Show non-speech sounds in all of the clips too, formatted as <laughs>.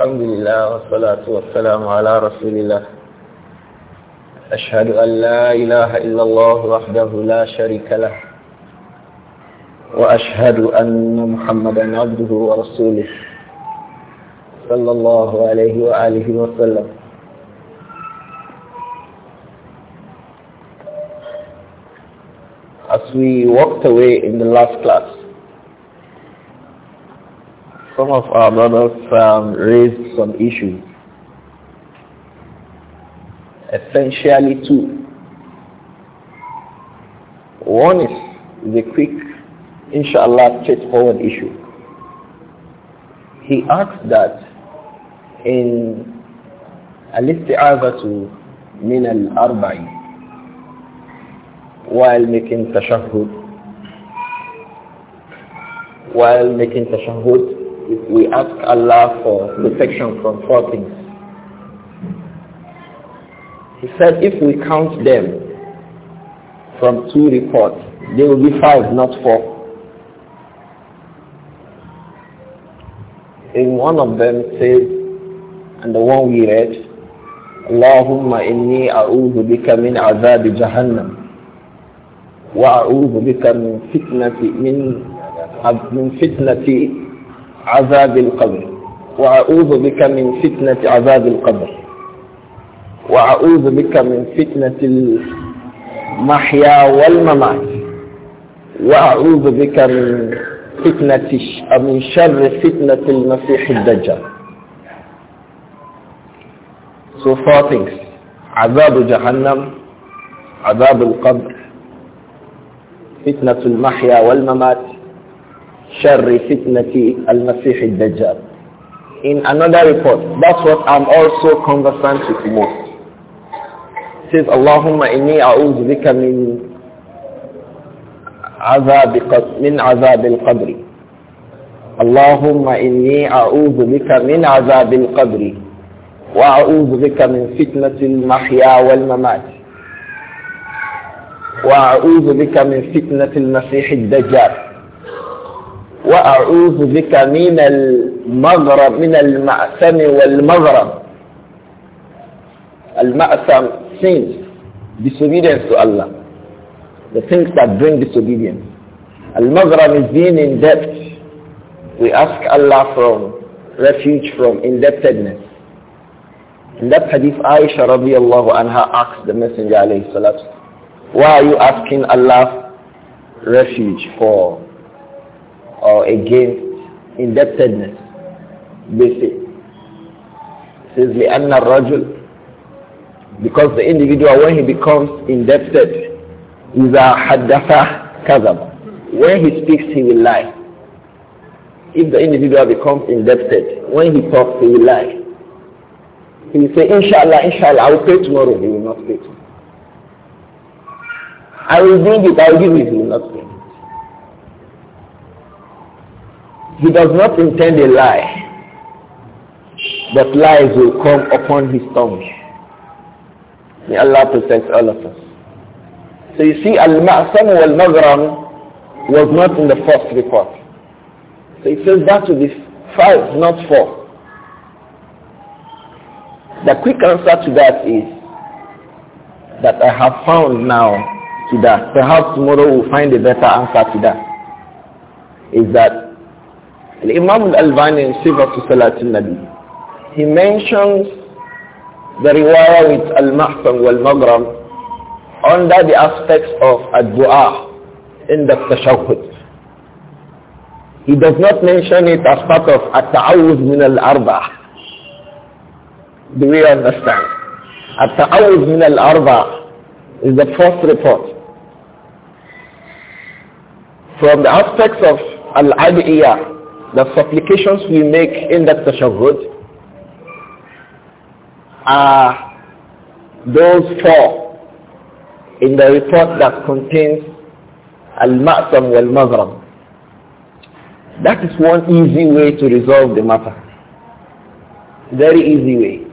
الحمد لله والصلاة والسلام على رسول الله أشهد أن لا إله إلا الله وحده لا شريك له وأشهد أن محمدا عبده ورسوله صلى الله عليه وآله وسلم As we walked away in the last class Some of our brothers um, raised some issues. Essentially two. One is the quick, inshallah, straightforward issue. He asked that in al-isti'azatu min al-arba'i while making tashahhud while making tashahhud we ask Allah for protection from four things. He said if we count them from two reports, there will be five, not four. In one of them says, and the one we read, Allahumma inni a'udhu bika min azab jahannam wa a'udhu bi min fitnati min, min fitnati عذاب القبر وأعوذ بك من فتنة عذاب القبر وأعوذ بك من فتنة المحيا والممات وأعوذ بك من فتنة من شر فتنة المسيح الدجال So four things عذاب جهنم عذاب القبر فتنة المحيا والممات شر فتنة المسيح الدجال. In another report, that's what I'm also conversant with most. it says, اللهم إني أعوذ بك من عذاب من عذاب القبر. اللهم إني أعوذ بك من عذاب القبر وأعوذ بك من فتنة المحيا والممات. وأعوذ بك من فتنة المسيح الدجال. وأعوذ بك من المغرب من المأثم والمغرب المأثم sins disobedience to Allah the things that bring disobedience Al-Maghrab is being in debt we ask Allah from refuge from indebtedness in that hadith Aisha الله عنها asked the messenger alayhi salatu why are you asking Allah refuge for or against indebtedness. They say, says anna rajul, because the individual when he becomes indebted is a حدث kazab. when he speaks he will lie if the individual becomes indebted when he talks he will lie he will say inshallah inshallah I will pay tomorrow he will not pay tomorrow I will bring it I will give it he will not pay He does not intend a lie, but lies will come upon his tongue. May Allah protect all of us. So you see, Al-Ma'sam wal-Maghram was not in the first report. So it says that to be five, not four. The quick answer to that is that I have found now to that. Perhaps tomorrow we'll find a better answer to that. Is that Imam al-Albani in Sifat Salat al-Nabi, he mentions the riwayah with al-Mahsan wal-Maghram under the aspects of ad-du'a in the tashahhud. He does not mention it as part of at-ta'awuz min al-arba. Do we understand? At-ta'awuz min al-arba is the first report. From the aspects of al-adiyah, the supplications we make in that good are those four in the report that contains al-ma'sam wal-maghrib. That is one easy way to resolve the matter. Very easy way.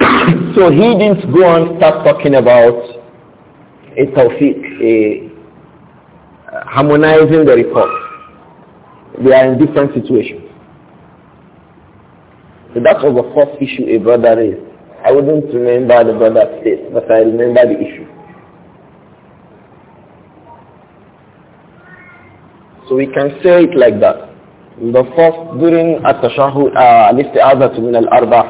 <coughs> so he didn't go and start talking about a tawfiq, a uh, harmonizing the report. They are in different situations. So that was the first issue a brother raised. I wouldn't remember the brother's face, but I remember the issue. So we can say it like that. The first during التشهد الاستعاذة من الأربع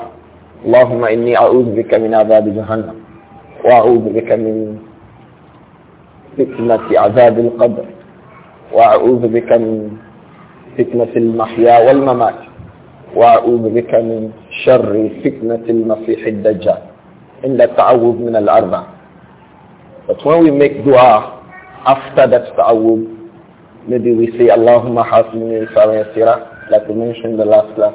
اللهم إني أعوذ بك من عذاب جهنم وأعوذ بك من فتنة عذاب القبر وأعوذ بك من فتنة المحيا والممات وأعوذ بك من شر فتنة المسيح الدجال إلا التعوذ من الأربع But when we make dua after that ta'awud, maybe we say Allahumma sara yasira, like we mentioned the last class.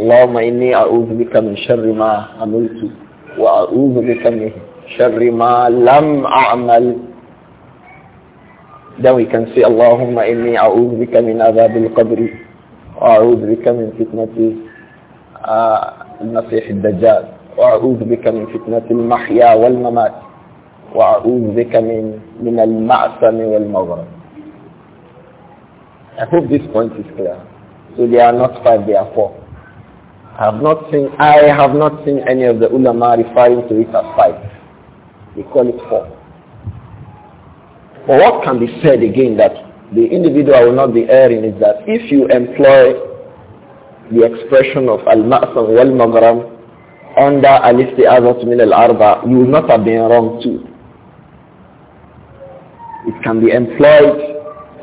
Allahumma inni a'udhu bika min sharri ma amultu wa a'udhu bika min sharri ma lam a'mal Then we can say, Allahumma inni a'udhu bika min adhab al-qabri, a'udhu bika min fitnati al-masih al-dajjal, wa'a'udhu bika min fitnati al-mahya wal-mamat, wa'a'udhu bika min, min al wal I hope this point is clear. So they are not five, they are four. I have not seen, I have not seen any of the ulama referring to it as five. They call it four. what can be said again that the individual will not be erring is that if you employ the expression of al-ma'sam wal-maghram under al-isti'azat min al-arba, you will not have been wrong too. It can be employed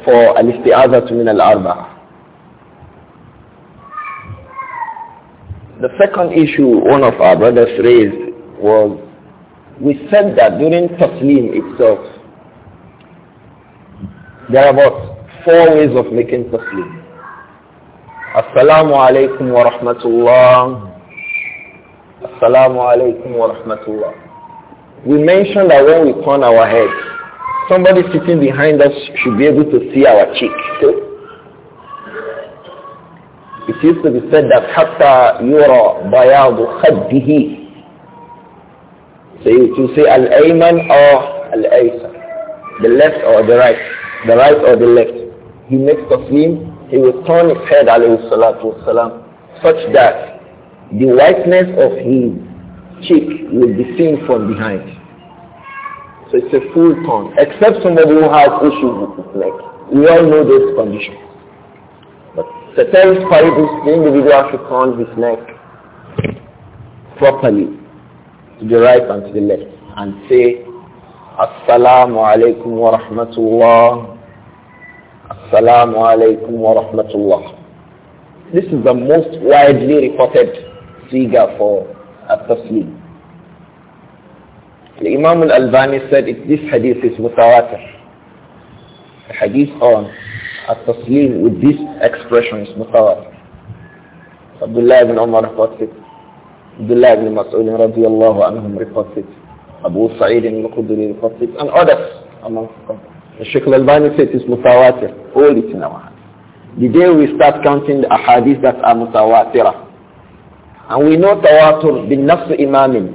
for al-isti'azat min al-arba. The second issue one of our brothers raised was we said that during Taslim itself, there are about four ways of making taslim. Assalamu alaikum wa rahmatullah. Assalamu alaikum wa rahmatullah. We mentioned that when we turn our head, somebody sitting behind us should be able to see our cheek. Okay? It used to be said that حتى يرى بياض خده So you say al-ayman or al-aysar, the left or the right the right or the left. He makes taslim, he will turn his head alayhi salatu wasalam, such that the whiteness of his cheek will be seen from behind. So it's a full turn, except somebody who has issues with his leg. We all know those conditions. But Satan's parables, the individual should turn his neck properly to the right and to the left and say Assalamu alaykum wa rahmatullah. Assalamu alaykum wa rahmatullah. This is the most widely reported figure for a tafsir. Imam al-Albani said if this hadith is mutawatir. The hadith on التسليم with this expression is متواتر. عبد الله بن عمر رضي الله عنه Abu Sa'id al al and others among the Sheikh al-Albani said it's mutawatir, all it's in our hands. The day we start counting the ahadith that are mutawatir, and we know tawatur bin nafs imamin,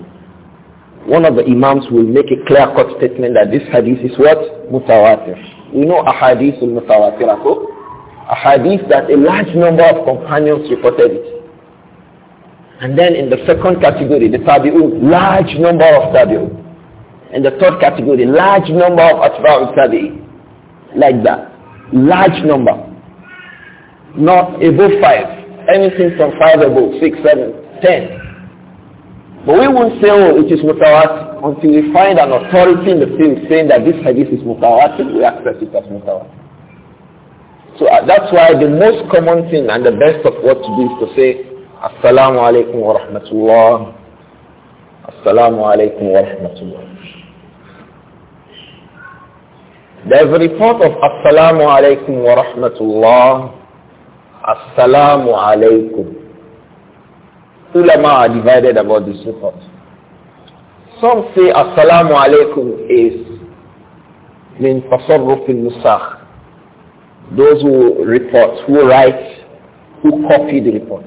one of the imams will make a clear-cut statement that this hadith is what? Mutawatir. We know ahadith al mutawatir. so ahadith that a large number of companions reported it. And then in the second category, the tabi'un, large number of tabi'un. In the third category, large number of atba'u tabi'i. Like that. Large number. Not above five. Anything from five above, six, seven, ten. But we won't say, oh, it is mutawatir until we find an authority in the field saying that this hadith is mutawatir, we accept it as mutawatir. So uh, that's why the most common thing and the best of what to do is to say, Assalamu alaykum wa rahmatullah. Assalamu alaykum wa rahmatullah. There's a report of Assalamu alaikum wa rahmatullah. Assalamu alaikum. Ulama are divided about this report. Some say Assalamu alaikum is min tasarruf al-nusakh. Those who report, who write, who copy the report.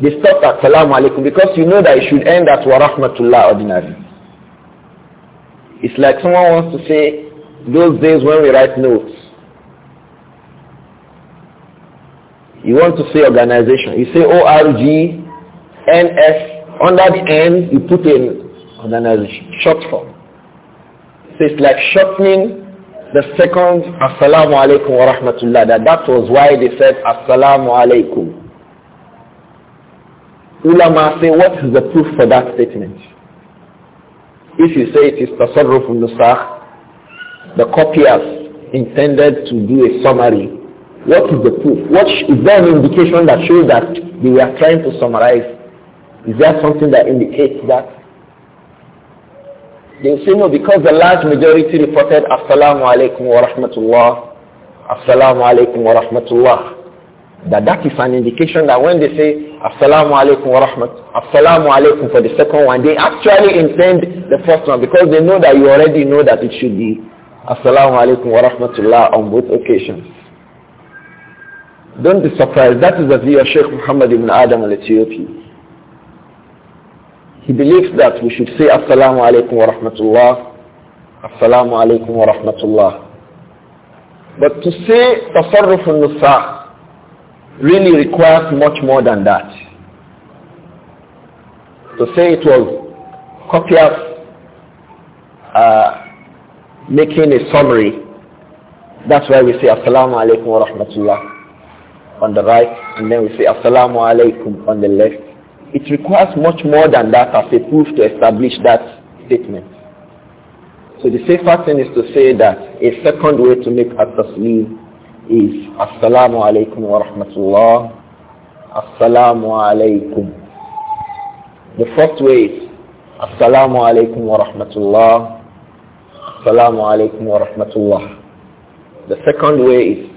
They stop at salamu alaikum because you know that it should end at wa rahmatullah ordinary. It's like someone wants to say, those days when we write notes, you want to say organization. You say ORG, NS, under the N, you put in organization, short form. So it's like shortening the second Assalamu alaikum wa rahmatullah. That, that was why they said Assalamu alaikum. Ulama say, what is the proof for that statement? If you say it is tasarruf nusakh, the copiers intended to do a summary, what is the proof? Is there an indication that shows that they were trying to summarize? Is there something that indicates that? They say no, because the large majority reported Assalamu alaikum wa rahmatullah, Assalamu alaikum wa rahmatullah. That that is an indication that when they say Assalamu alaikum wa rahmat. Assalamu alaikum for the second one. They actually intend the first one because they know that you already know that it should be Assalamu alaikum wa rahmatullah on both occasions. Don't be surprised. That is the view of Sheikh Muhammad ibn Adam al-Ethiopi. He believes that we should say Assalamu alaikum wa rahmatullah. Assalamu alaikum wa rahmatullah. But to say Tasarruf al-Nusah really requires much more than that. To say it was copious uh, making a summary, that's why we say Assalamu alaikum wa rahmatullah on the right and then we say Assalamu alaikum on the left. It requires much more than that as a proof to establish that statement. So the safer thing is to say that a second way to make a taslim is Assalamu alaikum wa rahmatullah. Assalamu alaikum. The first way is Assalamu alaikum wa rahmatullah. Assalamu alaikum wa rahmatullah. The second way is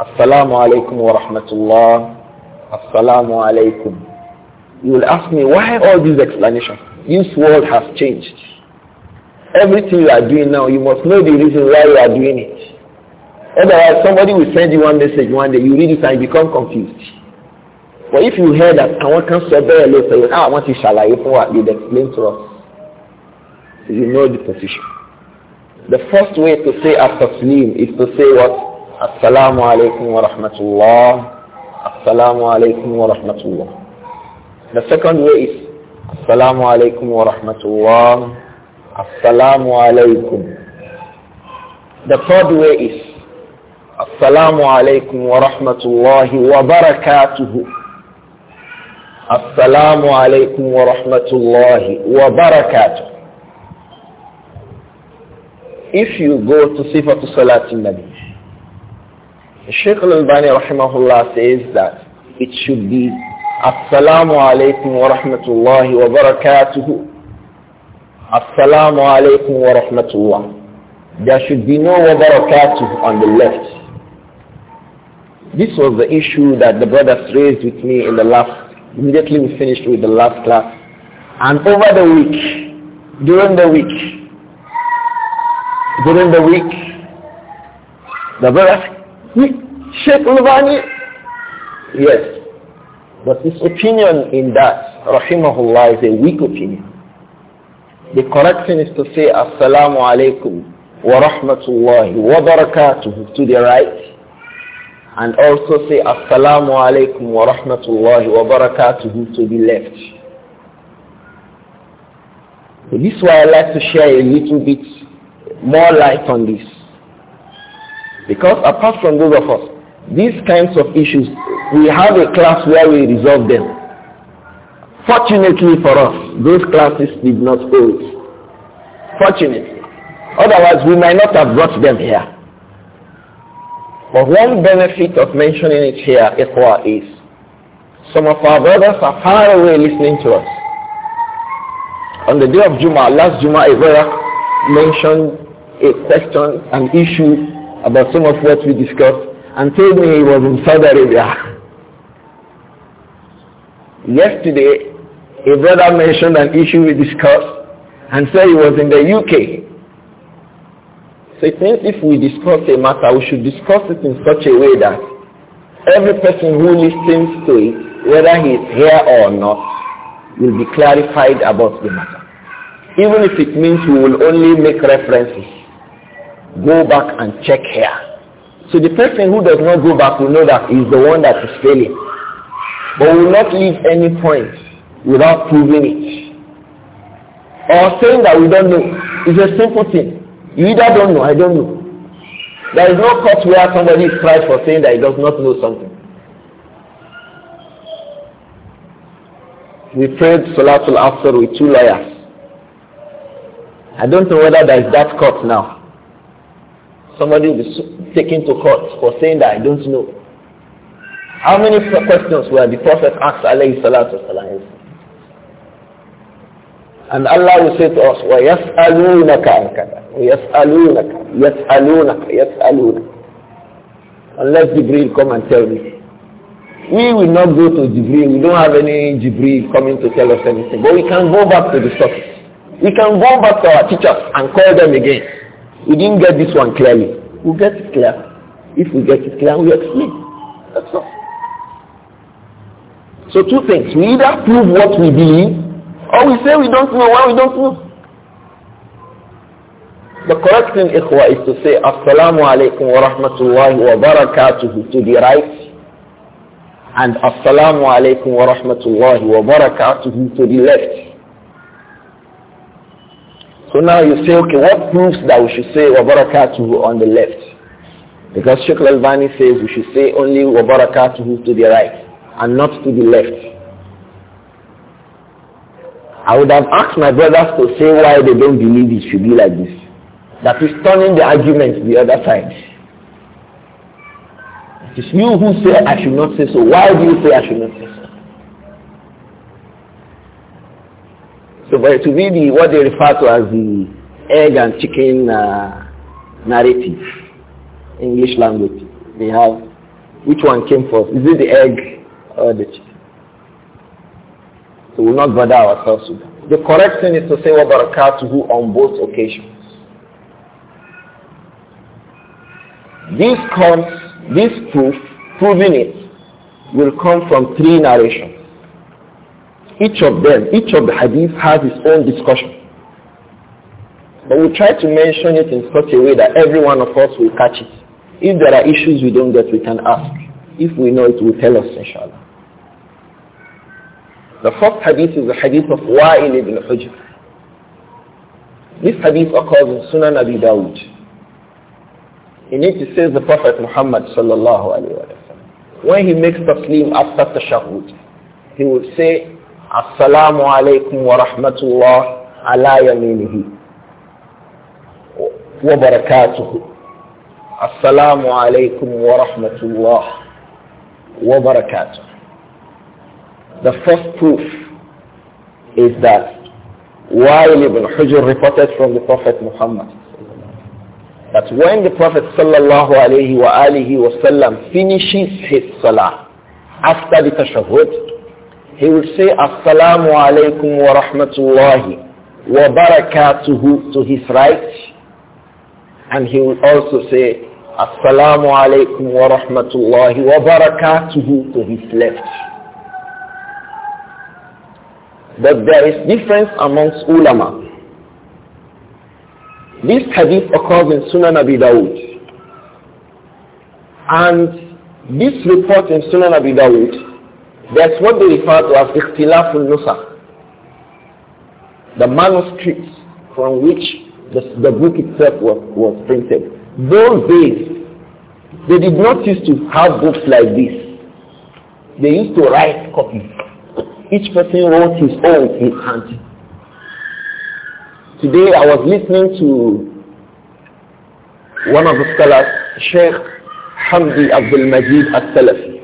Assalamu alaikum wa rahmatullah. Assalamu alaikum. You will ask me why all these explanations? This world has changed. Everything you are doing now, you must know the reason why you are doing it. Otherwise, somebody will send you one message one day, you read it and you become confused. But if you hear that, àwọn kan sọ bẹ́ẹ̀ ló say, yẹn, ah, wọ́n ti ṣàlàyé fún you they explain to us. So you know the position. The first way to say at-taslim is to say what? Assalamu alaikum wa rahmatullah. Assalamu alaikum wa rahmatullah. The second way is Assalamu alaikum wa rahmatullah. Assalamu alaikum. The third way is Assalamu alaykum wa rahmatullahi wa barakatuhu. Assalamu alaykum wa rahmatullahi wa barakatuh. If you go to Sifatu Salatin Nabi, Sheikh al-Albani rahimahullah says that it should be Assalamu alaykum wa rahmatullahi wa barakatuhu. Assalamu alaykum wa rahmatullah. There should be no wa barakatuh on the left. This was the issue that the brothers raised with me in the last, immediately we finished with the last class. And over the week, during the week, during the week, the brothers, Sheikh Lubani, yes, but his opinion in that, rahimahullah, is a weak opinion. The correction is to say, assalamu alaikum wa rahmatullahi wa barakatuh to the right and also say assalamu alaikum wa rahmatullahi wa barakatuhu to the left. So this is why I like to share a little bit more light on this. Because apart from those of us, these kinds of issues, we have a class where we resolve them. Fortunately for us, those classes did not hold. Fortunately. Otherwise, we might not have brought them here. But one benefit of mentioning it here, Iqwa, is some of our brothers are far away listening to us. On the day of Juma, last Juma, a brother mentioned a question, an issue about some of what we discussed and told me he was in Saudi Arabia. <laughs> Yesterday, a brother mentioned an issue we discussed and said he was in the UK. So if we discuss a matter, we should discuss it in such a way that every person who listens to it, whether he is here or not, will be clarified about the matter. Even if it means we will only make references, go back and check here. So the person who does not go back will know that the one that is failing. But will not leave any point without proving it. Or saying that we don't know. It's a simple thing. You either don't know, I don't know. There is no court where somebody is tried for saying that he does not know something. We prayed Salatul Asr with two lawyers. I don't know whether there is that court now. Somebody will be taken to court for saying that I don't know. How many questions were the Prophet asked alayhi salatu wasalam? And Allah will say to us, وَيَسْأَلُونَكَ عَنْ كَذَا وَيَسْأَلُونَكَ يَسْأَلُونَكَ يَسْأَلُونَك Unless Jibreel come and tell me. We will not go to Jibreel. We don't have any Jibreel coming to tell us anything. But we can go back to the source. We can go back to our teachers and call them again. We didn't get this one clearly. We'll get it clear. If we get it clear, we explain. That's all. So two things. We either prove what we believe or we say we don't know why we don't know. The correct thing, ikhwa, is to say, Assalamu alaikum wa rahmatullahi wa barakatuhu to the right, and Assalamu alaikum wa rahmatullahi wa barakatuhu to the left. So now you say, okay, what proves that we should say wa barakatuhu on the left? Because Sheikh Al-Albani says we should say only wa barakatuhu to the right and not to the left. I would have asked my brothers to say why they don't believe it should be like this. That is turning the argument to the other side. It is you who say I should not say so. Why do you say I should not say so? So for it to be the, what they refer to as the egg and chicken uh, narrative, English language, they have which one came first? Is it the egg or the chicken? So we'll not bother ourselves with that. The correct thing is to say what to who on both occasions. This comes, this proof, proving it, will come from three narrations. Each of them, each of the hadith has its own discussion. But we try to mention it in such a way that every one of us will catch it. If there are issues we don't get, we can ask. If we know it, will tell us, inshallah. The first hadith is the hadith of Wa'il ibn Hujr. This hadith occurs in Sunan Abi Dawud. In it it says the Prophet Muhammad sallallahu alaihi wasallam, when he makes taslim after tashahud, he will say, Assalamu alaykum wa rahmatullah ala yaminihi wa barakatuhu. Assalamu alaykum wa rahmatullah wa barakatuhu. The first proof is that while ibn Hujr reported from the Prophet Muhammad that when the Prophet sallallahu alayhi wa alihi wasallam finishes his salah after the tashahhud, he will say assalamu alaykum wa rahmatullahi wa barakatuhu to his right and he will also say assalamu alaykum wa rahmatullahi wa barakatuhu to his left. But there is difference amongst ulama. This hadith occurs in Sunan Abi Dawud. And this report in Sunan Abi Dawud, that's what they refer to as ikhtilaful nusa, the manuscripts from which the, the book itself was, was printed. Those days, they did not used to have books like this. They used to write copies. Each person wrote his own with his hand. Today I was listening to one of the scholars, Sheikh Hamdi Abdul Majid Al-Salafi.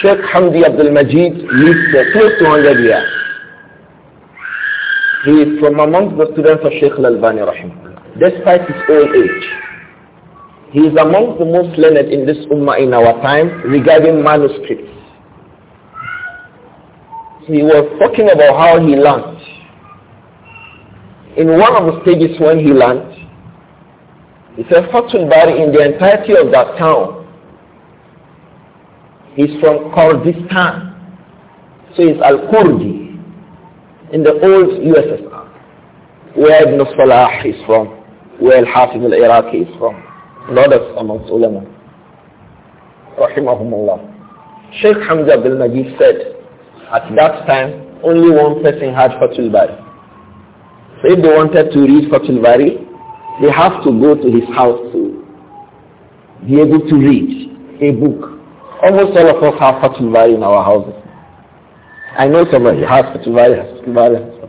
Sheikh Hamdi Abdul Majid lived for close to 100 years. He is from amongst the students of Sheikh Al-Albani Despite his old age, he is among the most learned in this ummah in our time regarding manuscripts he was talking about how he learned. In one of the stages when he learned, he said Fatul Bari in the entirety of that town. He's from Kurdistan. So he's Al-Kurdi in the old USSR. Where Ibn Salah is from, where Al-Hafiz al-Iraqi is from, and others amongst ulama. Rahimahumullah. Sheikh Hamza bin Majid said, at that time, only one person had Fatul So if they wanted to read Fatul they have to go to his house to be able to read a book. Almost all of us have Fatul in our houses. I know somebody has Fatul Bari, has Fatul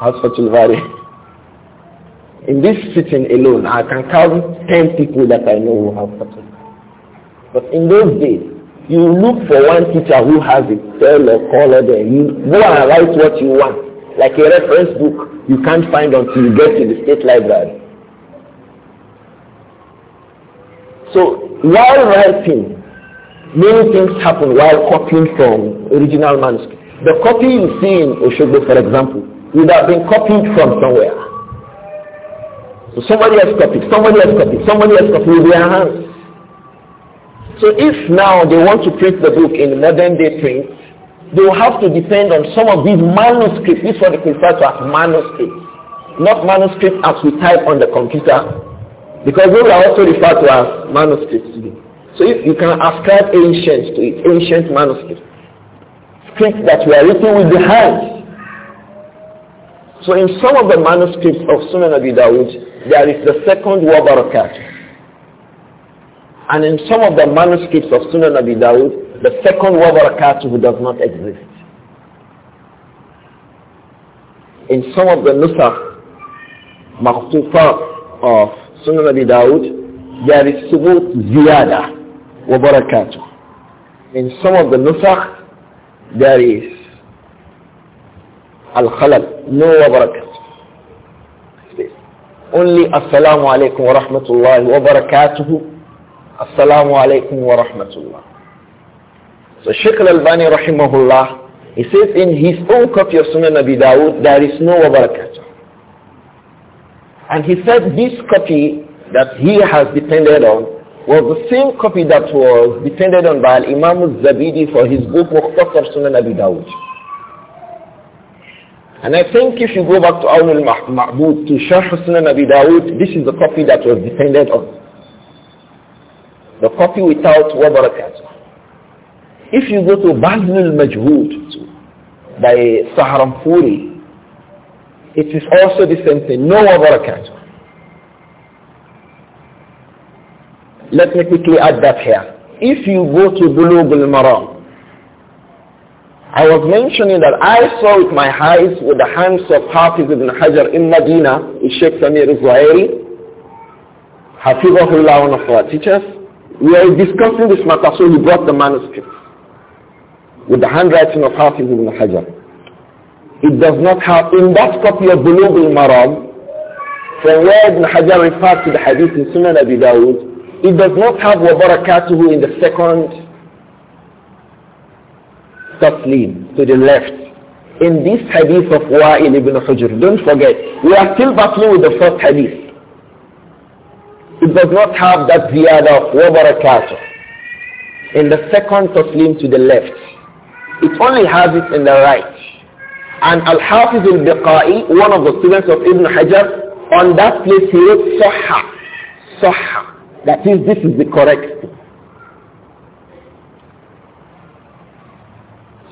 has Fatul has has In this sitting alone, I can count 10 people that I know who have Fatul But in those days, you look for one teacher who has a tell or color there. You go and write what you want. Like a reference book you can't find until you get to the state library. So while writing, many things happen while copying from original manuscript. The copy you see in Oshogbo, for example, would have been copied from somewhere. So somebody else copied, somebody else copied, somebody else copied with their hands. So if now they want to print the book in modern day print, they will have to depend on some of these manuscripts. This is what they refer to as manuscripts. Not manuscripts as we type on the computer. Because those are also referred to as manuscripts So if you can ascribe ancient to it, ancient manuscripts. Scripts that were written with the hands. So in some of the manuscripts of Sunan Abi Dawud, there is the second Wabarakat. And in some of the manuscripts of Sunan Abi Dawud, the second wa barakatuhu does not exist. In some of the nusakh, makhtufat of Sunan Abi Dawud, there is subut ziyada wa barakatu In some of the nusakh, there is al-khalal, no wa barakatu Only assalamu alaykum wa rahmatullahi wa barakatuhu Assalamu alaikum wa rahmatullah. So Sheikh al-Albani rahimahullah, he says in his own copy of Sunan Abi Dawud, there is no wabarakatuh. And he said this copy that he has depended on was the same copy that was depended on by Imam al-Zabidi for his book Muqtasar Sunan Abi Dawud. And I think if you go back to Awn al-Ma'bud to Sharh Sunan Abi Dawud, this is the copy that was depended on. The copy without wabarakat. If you go to Bazmul Majhud by Saharanpuri, it is also the same thing. No wabarakat. Let me quickly add that here. If you go to Bulug al-Maram, I was mentioning that I saw with my eyes with the hands of Hafiz ibn Hajar in Medina, with Sheikh Samir al-Zuhairi, Hafizahullah, of our teachers, we are discussing this matter, so he brought the manuscript with the handwriting of Hafiz ibn Hajar. It does not have, in that copy of Bulugh al-Maram, from where Ibn Hajar referred to the hadith in Sunan Abi Dawud, it does not have wa barakatuhu in the second taslim, to the left. In this hadith of Wa'il ibn Hujr, don't forget, we are still battling with the first hadith. It does not have that ziyada of wabarakatuh. In the second taslim to the left. It only has it in the right. And Al-Hafiz al-Biqai, one of the students of Ibn Hajar, on that place he wrote Sahha. Sahha. That is, this is the correct thing.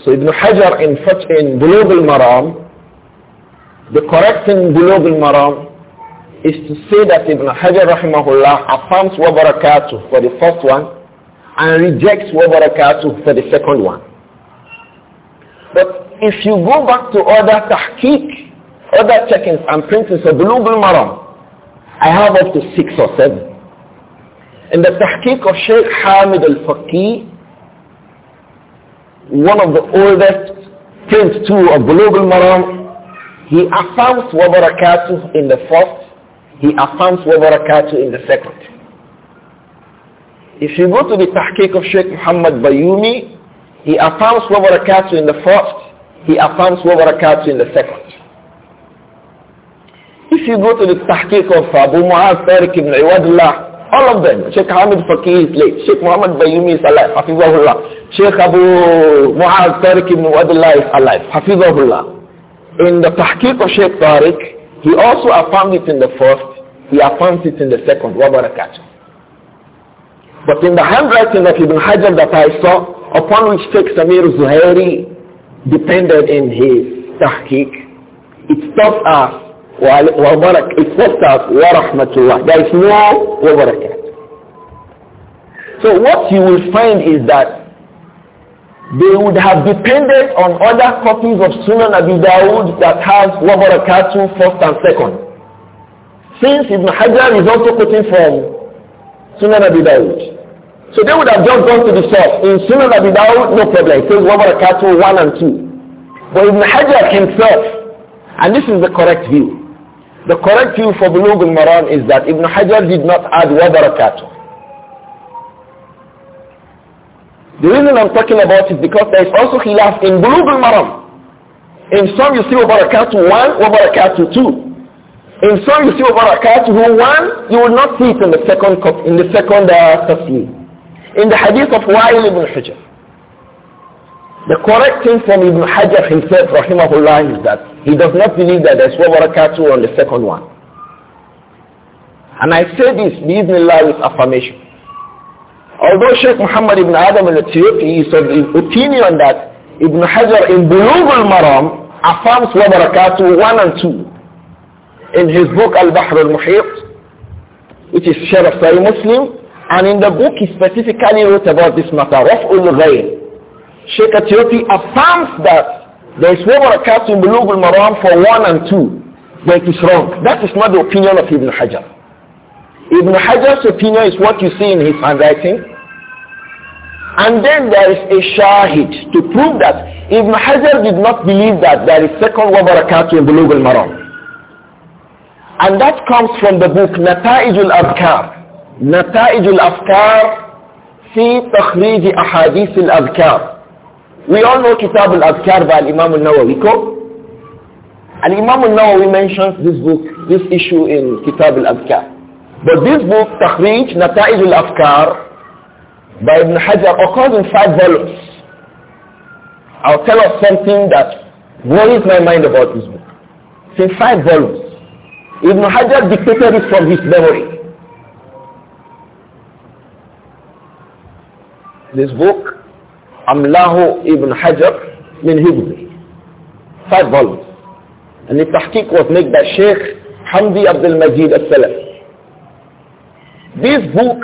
So Ibn Hajar in, in Bulub al-Maram, the correct in Bulub al-Maram is to say that Ibn Hajar rahimahullah affirms wa barakatuh for the first one and rejects wa barakatuh for the second one. But if you go back to other tahqiq, other check-ins and printings of Bulugh al-Maram, I have up to six or seven. In the tahqiq of Sheikh Hamid al-Faqih, one of the oldest prints too of Bulugh al-Maram, he affirms wa barakatuh in the first he affirms Wabarakatuh in the second. If you go to the tahqiq of Sheikh Muhammad Bayumi, he affirms Wabarakatuh in the first, he affirms Wabarakatuh in the second. If you go to the tahqiq of Abu Mu'az Tariq ibn Iwadullah, all of them, Sheikh Hamid Faqih is late, Sheikh Muhammad Bayumi is alive, Hafizahullah, Sheikh Abu Mu'az Tariq ibn Iwadullah is alive, Hafizahullah. In the tahqiq of Sheikh Tariq, he also affirmed it in the first. He affirmed it in the second. Wa barakatuh. But in the handwriting of Ibn Hajar that I saw, upon which Sheikh Samir Zuhairi depended in his tahqiq, it stops us. وبرك it stops us ورحمة الله there is no وبركات so what you will find is that they would have depended on other copies of Sunan Abi Dawud that has wa barakatuh first and second. Since Ibn Hajar is also quoting from Sunan Abi Dawud. So they would have just gone to the source. In Sunan Abi Dawud, no problem. It says wa barakatuh 1 and 2. But Ibn Hajar himself, and this is the correct view. The correct view for Bulugh al is that Ibn Hajar did not add wa barakatuh. The reason I'm talking about is because there is also khilaf in Bulug al-Maram. In some you see a to 1, a to 2. In some you see a to 1, you will not see it in the second, cup, in the second uh, tafsir. In the hadith of Wa'il ibn Hajar, The correct thing from Ibn Hajar himself, rahimahullah, is that he does not believe that there's cat to on the second one. And I say this, bi'idhnillah, with affirmation. Although Sheikh Muhammad ibn Adam al-Ethiopi is the opinion that Ibn Hajar in Bulugh al-Maram affirms wa barakatuh 1 and 2 in his book Al-Bahr al-Muhit, which is Sharh of Sahih Muslim, and in the book he specifically wrote about this matter, Raf'ul Ghayr. Sheikh Ethiopi affirms that there is wa barakatuh in Bulugh al-Maram for 1 and 2, but it is wrong. That is not the opinion of Ibn Hajar. Ibn Hajar's opinion is what you see in his handwriting, and then there is a shahid to prove that Ibn Hajar did not believe that there is second wabarakat in Bulugh al-Maram. And that comes from the book Nata'ij al-Abkar. Nata'ij al-Afkar fi takhrij ahadith al-Azkar. We all know Kitab al-Azkar by Imam al-Nawawi. And Imam al-Nawawi mentions this book, this issue in Kitab al-Azkar. But this book, Takhrij Nata'ij al-Afkar, by Ibn Hajar occurs in five volumes. I'll tell us something that worries my mind about this book. It's in five volumes. Ibn Hajar dictated it from his memory. This book, Amlahu Ibn Hajar min Hibri. Five volumes. And the tahqiq was made by Sheikh Hamdi Abdul Majid al Salam. This book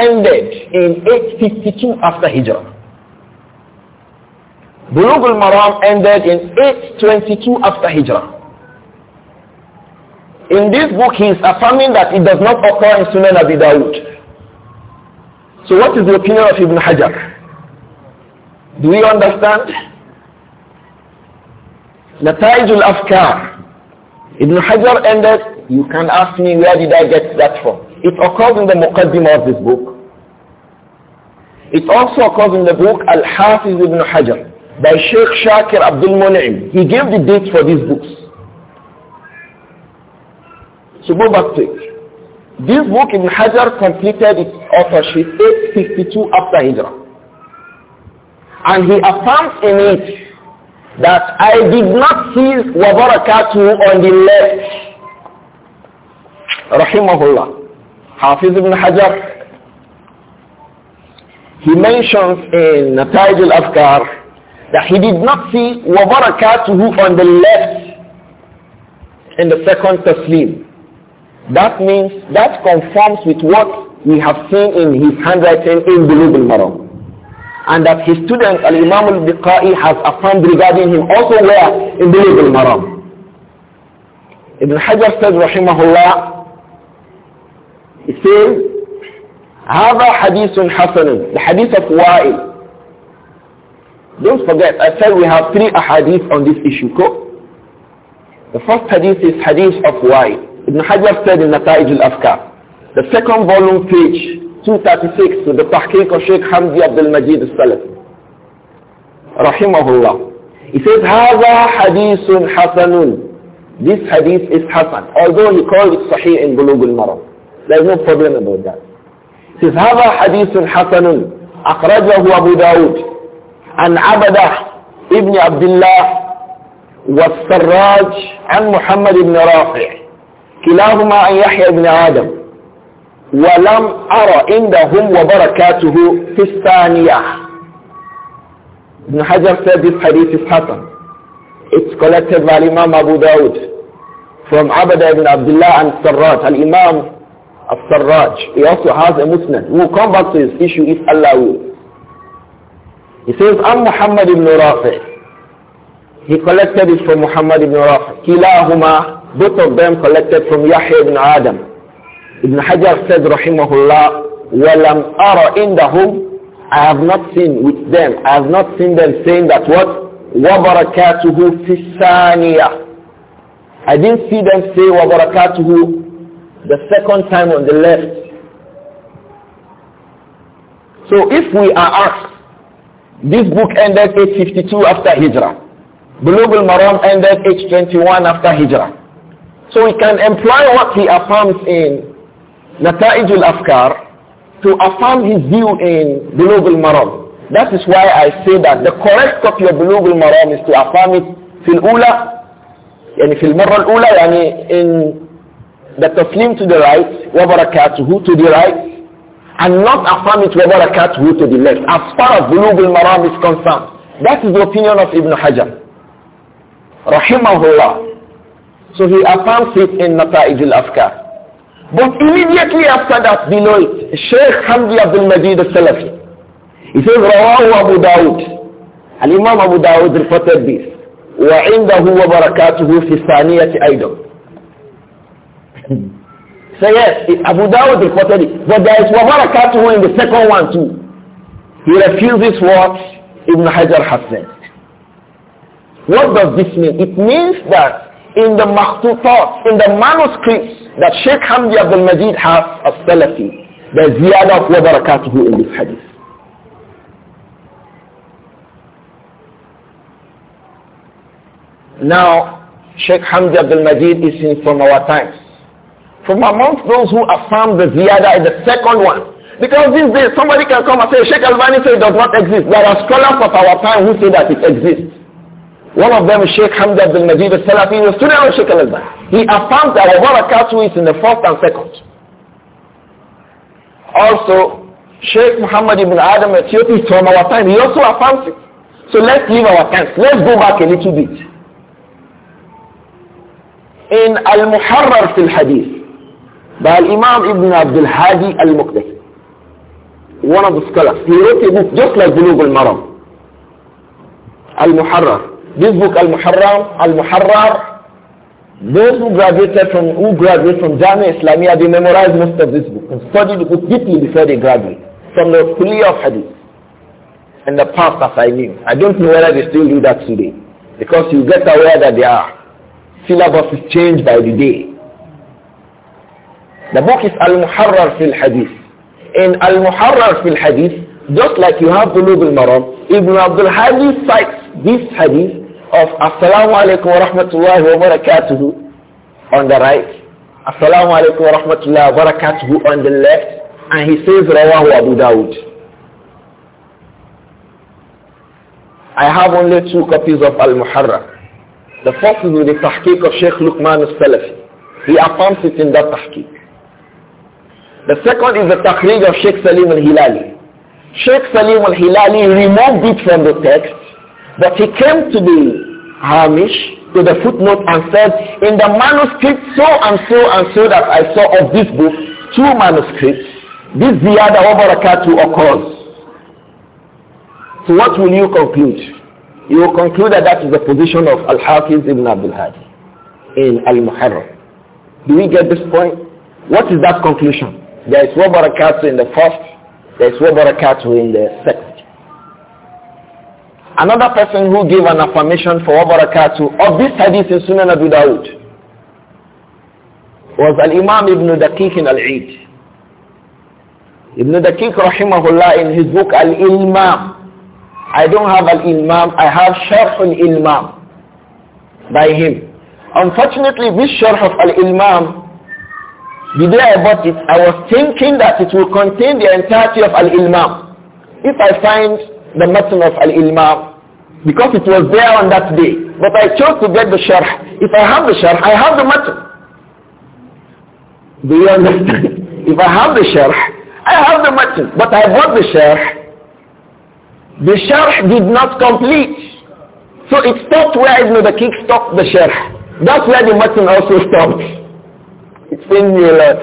ended in 852 after Hijrah. Bulugh al-Maram ended in 822 after Hijrah. In this book, he is affirming that it does not occur in Sunan Abi Dawud. So what is the opinion of Ibn Hajar? Do we understand? Nataij al-Afkar. Ibn Hajar ended, you can ask me where did I get that from. It occurs in the Muqaddimah of this book. It also occurs in the book Al-Hafiz ibn Hajar by Sheikh Shakir Abdul Mun'im. He gave the dates for these books. So go back to it. This book Ibn Hajar completed its authorship 852 after Hijrah. And he affirms in it that I did not see Wabarakatuh on the left. Rahimahullah. Hafiz ibn Hajar he mentions in Nataij al-Afkar that he did not see Wabarakatuhu on the left in the second taslim. That means that conforms with what we have seen in his handwriting in Bulugh al-Maram. And that his student Al-Imam al-Biqai has affirmed regarding him also where in Bulugh al-Maram. Ibn Hajar says, Rahimahullah, he says, هذا حديث حسن the hadith of why? don't forget I said we have three ahadith on this issue the first hadith is hadith of Wa'il Ibn Hajar said in Nata'ij al-Afkar the second volume page 236 to the Tahqiq of Sheikh Hamdi Abdul Majid al-Salafi rahimahullah he says هذا حديث حسن this hadith is Hasan. although he called it Sahih in Bulugh al-Maram there's no problem about that says هذا حديث حسن أخرجه أبو داود عن عبده ابن عبد الله والسراج عن محمد بن رافع كلاهما عن يحيى بن آدم ولم أرى عندهم وبركاته في الثانية Ibn Hajar said this hadith is Hassan. It's collected by Imam Abu Dawud from Abada ibn Abdullah and Sarrat. Al-Imam Al-Sarraj. He also has a Muslim. We'll come back to his issue if Allah will. He says, I'm Muhammad ibn Rafi. He collected it from Muhammad ibn Rafi. Kilahuma, both of them collected from Yahya ibn Adam. Ibn Hajar said, Rahimahullah, walam ara إِنْدَهُمْ I have not seen with them, I have not seen them saying that what? وَبَرَكَاتُهُ فِي الثَّانِيَةِ I didn't see them say وَبَرَكَاتُهُ the second time on the left. So if we are asked, this book ended 852 after Hijrah. Global al-Maram ended 821 after Hijrah. So we can employ what he affirms in Nata'ijul afkar to affirm his view in Global al-Maram. That is why I say that the correct copy of Global al-Maram is to affirm it fil ula, yani fil marra ula yani in the taslim to the right, wa who to the right, and not affirm it wa who to the left. As far as Bulugh al-Maram is concerned, that is the opinion of Ibn Hajar. Rahimahullah. So he affirms it in Nata'ij al-Afkar. But immediately after that, below it, Sheikh Hamdi Abdul Majid al-Salafi. He says, Rawahu Abu Dawud. Al-Imam Abu Dawud reported this. وعنده وبركاته في الثانية أيضا so yes, Abu Dawud reported it. But there is Wabarakatuhu in the second one too. He refuses what Ibn Hajar has said. What does this mean? It means that in the makhtutat, in the manuscripts that Sheikh Hamdi Abdul Majid has of Salafi, the ziyada of Wabarakatuhu in this hadith. Now, Sheikh Hamdi Abdul Majid is in from our times. From amongst those who affirm the ziyada is the second one. Because these days somebody can come and say, Sheikh Albani said it does not exist. There are scholars of our time who say that it exists. One of them is Sheikh Hamza bin Majid al-Salafi, a student of Sheikh Al-Albani. He affirmed that our barakatu is in the first and second. Also, Sheikh Muhammad ibn Adam Ethiopi is from our time. He also affirms it. So let's leave our times. Let's go back a little bit. In Al-Muharrar fil Hadith, by Imam Ibn Abdul Hadi al-Muqdisi, one of the scholars. He wrote a book just like Bulugh al-Maram, Al-Muharrar. This book, Al-Muharram, Al-Muharrar, those who graduated from, who graduated from Jamia Islamia, they memorize most of this book and studied it deeply before they graduated from the Kulli of Hadith. And the past as I knew. I don't know whether they still do that today. Because you get aware that their syllabus is changed by the day. The book is Al-Muharrar fil Hadith. In Al-Muharrar fil Hadith, just like you have the al-Maram, Ibn Abdul Hadi cites this hadith of Assalamu alaikum wa rahmatullahi wa barakatuhu on the right, Assalamu alaikum wa rahmatullahi wa barakatuhu on the left, and he says Rawahu Abu Dawud. I have only two copies of Al-Muharrar. The first is with the tahqiq of Sheikh Luqman al-Salafi. He affirms it in that tahqiq. The second is the takhrij of Sheikh Salim al-Hilali. Sheikh Salim al-Hilali removed it from the text, but he came to the Hamish, to the footnote and said, in the manuscript so and so and so that I saw of this book, two manuscripts, this ziyada wa to occurs. So what will you conclude? You will conclude that that is the position of Al-Hafiz ibn Abdul Hadi in Al-Muharram. Do we get this point? What is that conclusion? There is one in the first, there is one in the second. Another person who gave an affirmation for one of this hadith in Sunan Abu Dawud was Al-Imam Ibn Daqiq Al-Eid. Ibn Daqiq rahimahullah in his book Al-Ilmam. I don't have Al-Ilmam, I have Sharh Al-Ilmam by him. Unfortunately, this Sharh of Al-Ilmam the day I bought it, I was thinking that it will contain the entirety of Al-Ilmam. If I find the matin of Al-Ilmam, because it was there on that day, but I chose to get the Sharh. If I have the Sharh, I have the matin. Do you understand? <laughs> if I have the Sharh, I have the matin, but I bought the Sharh. The Sharh did not complete. So it stopped where the Daqiq stopped the Sharh. That's where the matin also stopped. It's paying me a lot.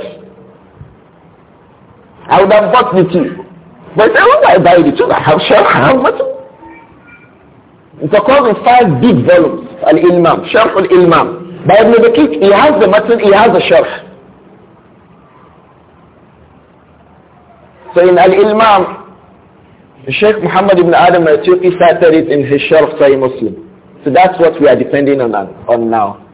I would have bought the two. But I will I buy the two. I have sure I but it's occurs in five big volumes. al Imam, Sharf al-Ilmam. By the Bakit, he has the matan, he has the Sharf. So in al Imam, Sheikh Muhammad ibn Adam al-Tuqi started it in his Sharf Sahih Muslim. So that's what we are depending on, on now.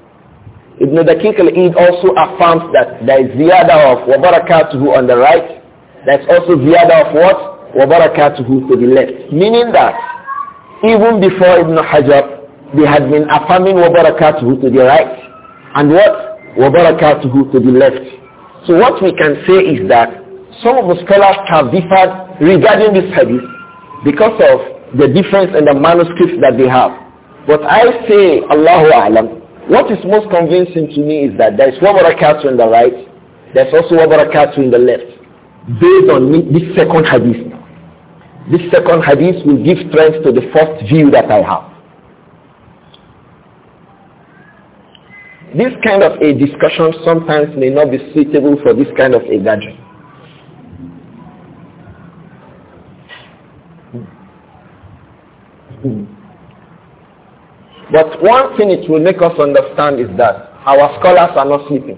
Ibn Daqiq al-Eid also affirms that there is ziyada of wabarakatuhu on the right. There's also ziyada of what? Wabarakatuhu to the left. Meaning that even before Ibn Hajar, they had been affirming wabarakatuhu to the right. And what? Wabarakatuhu to the left. So what we can say is that some of the scholars have differed regarding this hadith because of the difference in the manuscripts that they have. But I say, Allahu A'lam, what is most convincing to me is that there is one character in the right, there's also one character in the left, based on this second hadith. This second hadith will give strength to the first view that I have. This kind of a discussion sometimes may not be suitable for this kind of a gathering. Mm. But one thing it will make us understand is that our scholars are not sleeping.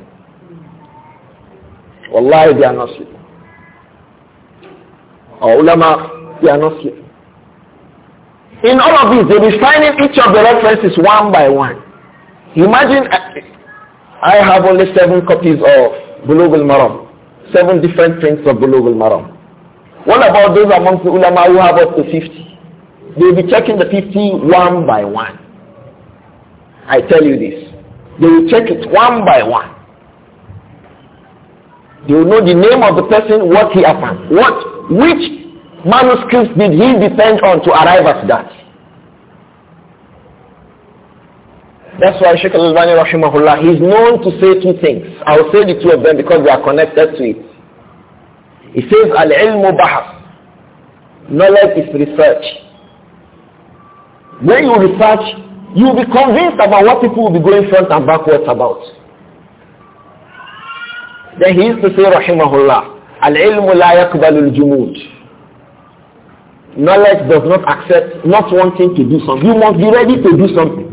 Wallahi, they are not sleeping. Our ulama, they are not sleeping. In all of this, they'll be finding each of the references one by one. Imagine, I have only seven copies of Bulugh al-Maram, seven different prints of Bulugh al-Maram. What about those amongst the ulama who have up to 50? They'll be checking the 50 one by one. I tell you this. They will check it one by one. They will know the name of the person, what he affirmed, what, which manuscripts did he depend on to arrive at that. That's why Sheikh Al-Albani rahimahullah, he's known to say two things. I will say the two of them because they are connected to it. He says, Al-ilmu bahas. Knowledge is research. When you research, You'll be convinced about what people will be going front and backwards about. Then he used to say, Rahimahullah, Al-ilmu la yakbalu al-jumud. Knowledge does not accept not wanting to do something. You must be ready to do something.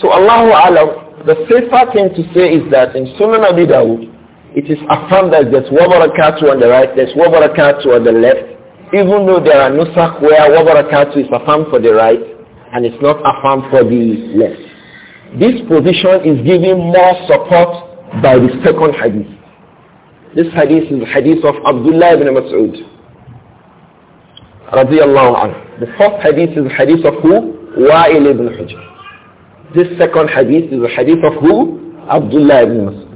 So Allahu Alam, the safer thing to say is that in Sunan Abi Dawud, it is affirmed that there's one barakatu on the right, there's one barakatu on the left, even though there are nusakh where wabarakatuh is affirmed for the right and it's not affirmed for the left. This position is given more support by the second hadith. This hadith is the hadith of Abdullah ibn Mas'ud. The first hadith is the hadith of who? Wa'il ibn Hujr. This second hadith is the hadith of who? Abdullah ibn Mas'ud.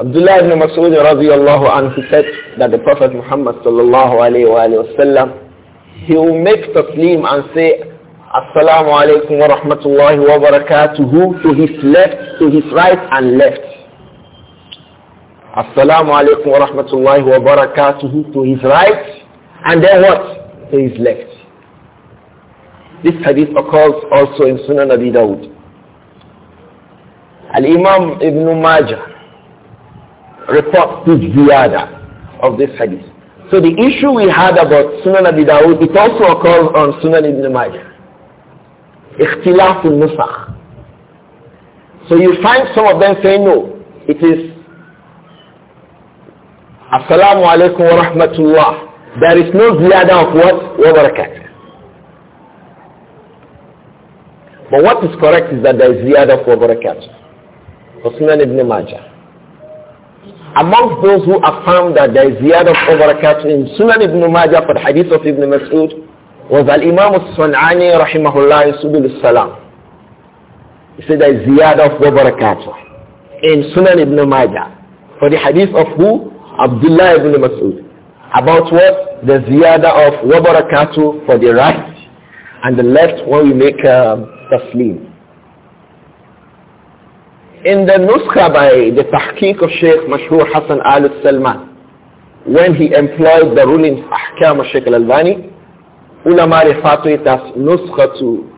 Abdullah ibn Mas'ud radiallahu anhu said that the Prophet Muhammad sallallahu alayhi wa sallam, he will make taslim and say, Assalamu alaykum wa rahmatullahi wa barakatuhu to his left, to his right and left. Assalamu alaykum wa rahmatullahi wa barakatuhu to his right and then what? To his left. This hadith occurs also in Sunan Abi Dawud. Al-Imam Ibn Majah Report to Ziyada of this hadith. So the issue we had about Sunan Abi Dawud, it also occurs on Sunan Ibn Majah. Ikhtilaf al-Nusakh. So you find some of them saying no. It is Assalamu alaikum wa rahmatullah. There is no ziyada of what? Wa barakat. But what is correct is that there is ziyada of wa barakat. Sunan ibn Majah. Amongst those who affirm that there is ziyadah of overkat in Sunan ibn Majah for the hadith of Ibn Mas'ud was al-Imam al-Sun'ani rahimahullah in Subul salam He said there is ziyadah of overkat in Sunan ibn Majah for the hadith of who? Abdullah ibn Mas'ud. About what? The ziyadah of wabarakatuh for the right and the left when we make um, taslim. In the Nuskha by the Tahqiq of Sheikh Mashhur Hassan Al Salman, when he employed the ruling Ahkam of Sheikh Al Albani, ulama refer to it as Nuskha to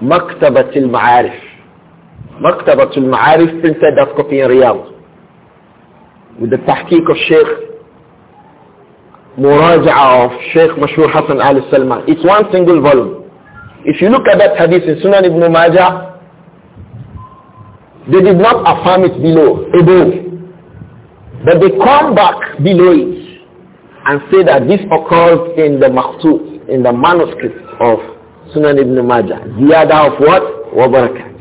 Maktabat Al Ma'arif. Maktabat Al Ma'arif printed that copy in Riyadh with the Tahqiq of Sheikh Muraja'a of Sheikh Mashur Hassan Al Salman. It's one single volume. If you look at that hadith in Sunan Ibn Majah, they did not affirm it below, above. But they come back below it and say that this occurs in the maktub, in the manuscript of Sunan ibn Majah. other of what? Wabarakat.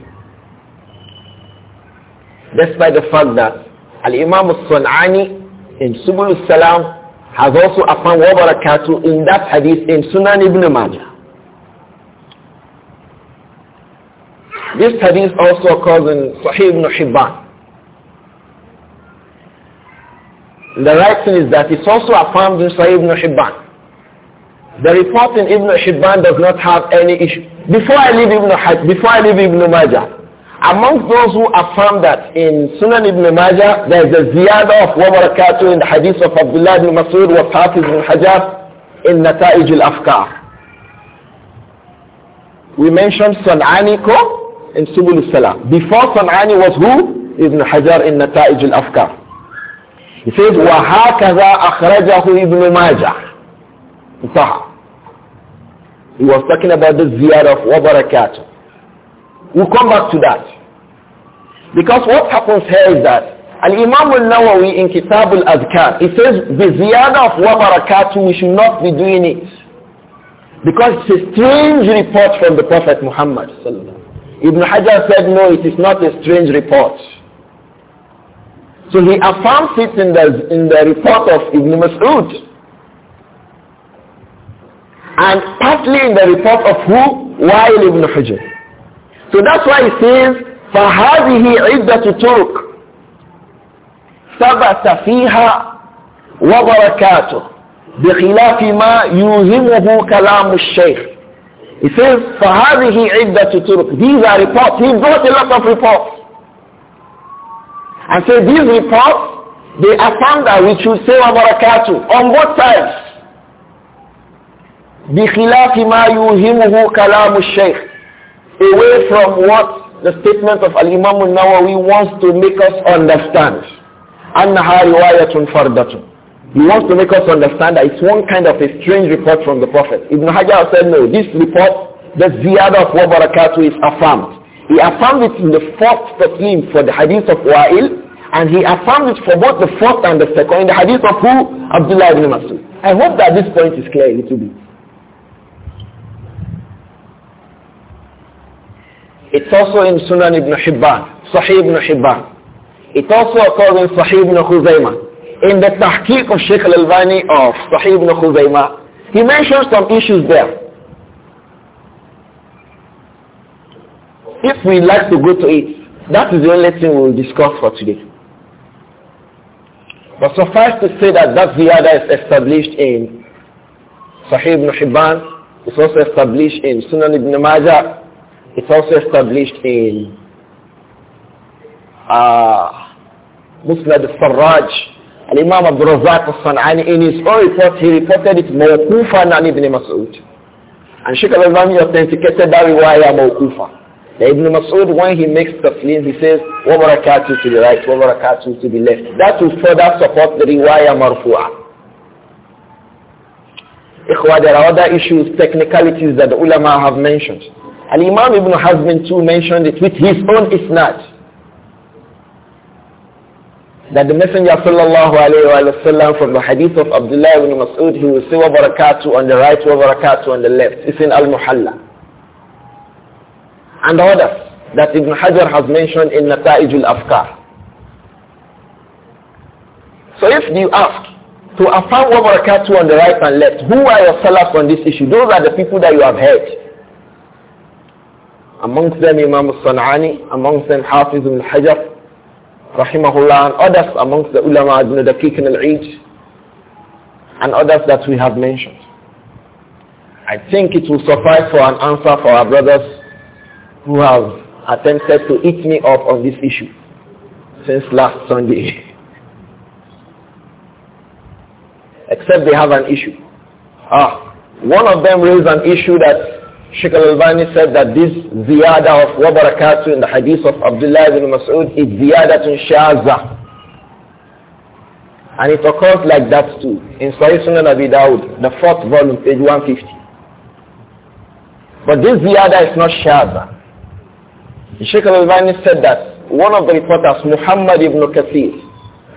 Despite the fact that Al-Imam al-Sun'ani in Subul al-Salam has also affirmed Wabarakatu in that hadith in Sunan ibn Majah. This hadith also occurs in Sahih ibn Hibban. The right thing is that it's also affirmed in Sahih ibn Hibban. The report in Ibn Hibban does not have any issue. Before I leave Ibn, Haj, before I leave Ibn Majah, amongst those who affirm that in Sunan Ibn Majah, there is a ziyada of wa barakatuh in the hadith of Abdullah ibn Masud wa Hafiz ibn Hajar in Nata'ij al-Afkar. We mentioned San'ani in Subul Salam. Before Sanani was who? Ibn Hajar in Nata'ij al-Afkar. He says, وَهَكَذَا أَخْرَجَهُ Ibn Majah. Taha. He was talking about the ziyarah of wabarakatuh. We'll come back to that. Because what happens here is that Al-Imam al-Nawawi in Kitab al-Azkar, he says the Ziyadah of wabarakatuh, we should not be doing it. Because it's a strange report from the Prophet Muhammad Ibn Hajar said, no, it is not a strange report. So he affirms it in the, in the report of Ibn Mas'ud. And partly in the report of who? Wail ibn Hajar. So that's why he says, فَهَذِهِ عِدَّةُ تُرْكُ ثبت فيها وبركاته بخلاف ما يوهمه كلام الشيخ he says, فَهَذِهِ عِدَّةُ تُرُقٍ These are reports. He brought a lot of reports. And said, these reports, they affirm that we should say wa barakatuh on both sides. بِخِلَافِ مَا يُوهِمُهُ كَلَامُ الشَّيْخِ Away from what the statement of Al-Imam al-Nawawi wants to make us understand. أَنَّهَا رِوَايَةٌ فَرْدَةٌ he wants to make us understand that it's one kind of a strange report from the Prophet. Ibn Hajar said, no, this report, the ziyada of wa barakatuh is affirmed. He affirmed it in the fourth taslim for the hadith of Wa'il, and he affirmed it for both the fourth and the second in the hadith of who? Abdullah ibn Masud. I hope that this point is clear a little bit. It's also in Sunan ibn Hibban, Sahih ibn Hibban. It also occurs in Sahih ibn Khuzaymah in the tahqiq of Sheikh al-Albani of Sahih ibn Khuzaymah, he mentions some issues there. If we like to go to it, that is the only thing we will discuss for today. But suffice to say that that ziyada is established in Sahih ibn Hibban, it's also established in Sunan ibn Majah, it's also established in uh, Musnad al-Farraj, Al-Imam Abdul Razak al-San'ani in his own report, he reported it Mawkufan and Ibn Mas'ud. And Sheikh al-Albani authenticated that riwayah Mawkufa. Ibn Mas'ud, when he makes claim, he says, wa barakatuh to the right, wa barakatuh to the left. That will further support the riwayah Of Ikhwa, there are other issues, technicalities that the ulama have mentioned. And Imam Ibn Hazm too mentioned it with his own isnad that the Messenger sallallahu alayhi wa sallam from the hadith of Abdullah ibn Mas'ud, he will say wa barakatu on the right, wa barakatu on the left. It's in Al-Muhalla. And others that Ibn Hajar has mentioned in Nata'ijul Afkar. So if you ask to affirm wa barakatu on the right and left, who are your salaf on this issue? Those are the people that you have heard. Amongst them Imam al-San'ani, amongst them Hafiz ibn Hajar, rahimahullah, and others amongst the ulama, Ibn the and al-Eid, and others that we have mentioned. I think it will suffice for an answer for our brothers who have attempted to eat me up on this issue since last Sunday. <laughs> Except they have an issue. Ah, one of them raised an issue that Sheikh al-Albani said that this ziyada of wa barakatuh in the hadith of Abdullah ibn Mas'ud is ziyadatun shaza. And it occurs like that too in Sahih Sunan Abi Dawud, the fourth volume, page 150. But this ziyada is not shaza. Sheikh al-Albani said that one of the reporters, Muhammad ibn Kathir,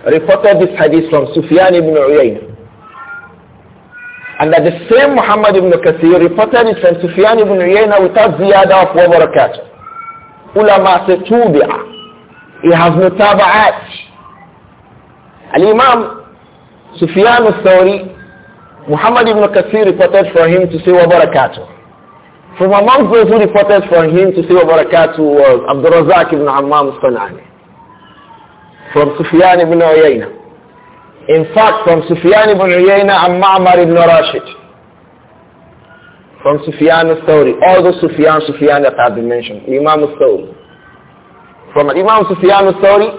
reported this hadith from Sufyan ibn Uyayna. And that the same Muhammad ibn Kathir reported it from Sufyan ibn Uyayna without ziyada of wa barakatuh. Ulama say tubi'a. He has mutaba'at. Al-Imam Sufyan al-Thawri, Muhammad ibn Kathir reported for him to say wa barakatuh. From among those who reported for him to say wa barakatuh was Abdul Razak ibn Ammam al-Sanani. From Sufyan ibn Uyayna. In fact, from Sufyan ibn Uyayna and Ma'mar ibn Rashid. From Sufyan al-Thawri. All the Sufyan, Sufyan that have been mentioned. Imam al-Thawri. From Imam Sufyan al-Thawri,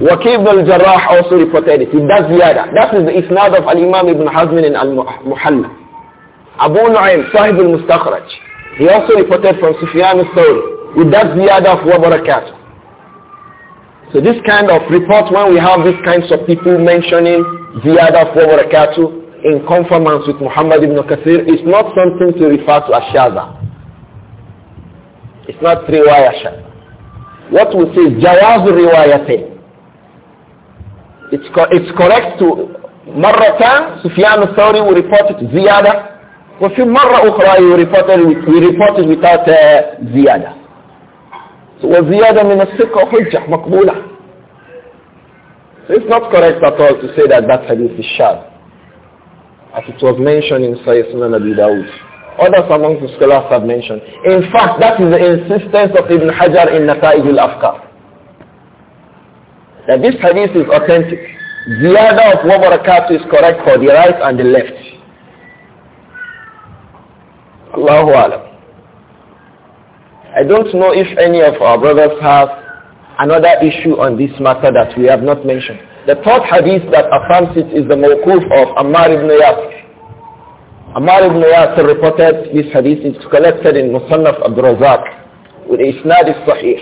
Waqib al-Jarrah also reported it. That's ziyada. That is the isnad of Al-Imam Ibn Hazm in Al-Muhalla. Abu Nu'aym, Sahib al-Mustakhraj. He also reported from Sufyan al-Thawri. With that ziyada of wa barakatuh. So this kind of report, when we have these kinds of people mentioning ziyada for barakatuh in conformance with Muhammad ibn Kathir, is not something to refer to as shaza. It's not riwaya shaza. What we say is jawaz riwayatin. It's, co it's correct to مرة سفيان Sorry, will report it زيادة وفي مرة أخرى we report it, we report it without uh, زيادة so وَزِيَادَ مِنَ الثِّقَةِ حُجَّةٌ So it's not correct at all to say that that hadith is shad. As it was mentioned in Sahih Sunan Abi Dawud. Others among the scholars have mentioned. In fact, that is the insistence of Ibn Hajar in Nata'ij al-Afkar. That this hadith is authentic. Ziyada of one rakat is correct for the right and the left. Allahu Alam. I don't know if any of our brothers have another issue on this matter that we have not mentioned. The third hadith that affirms it is the mawquf of Ammar ibn Yasir. Ammar ibn Yasir reported this hadith. It's collected in Musannaf Abdul Razak with Isnad al-Sahih.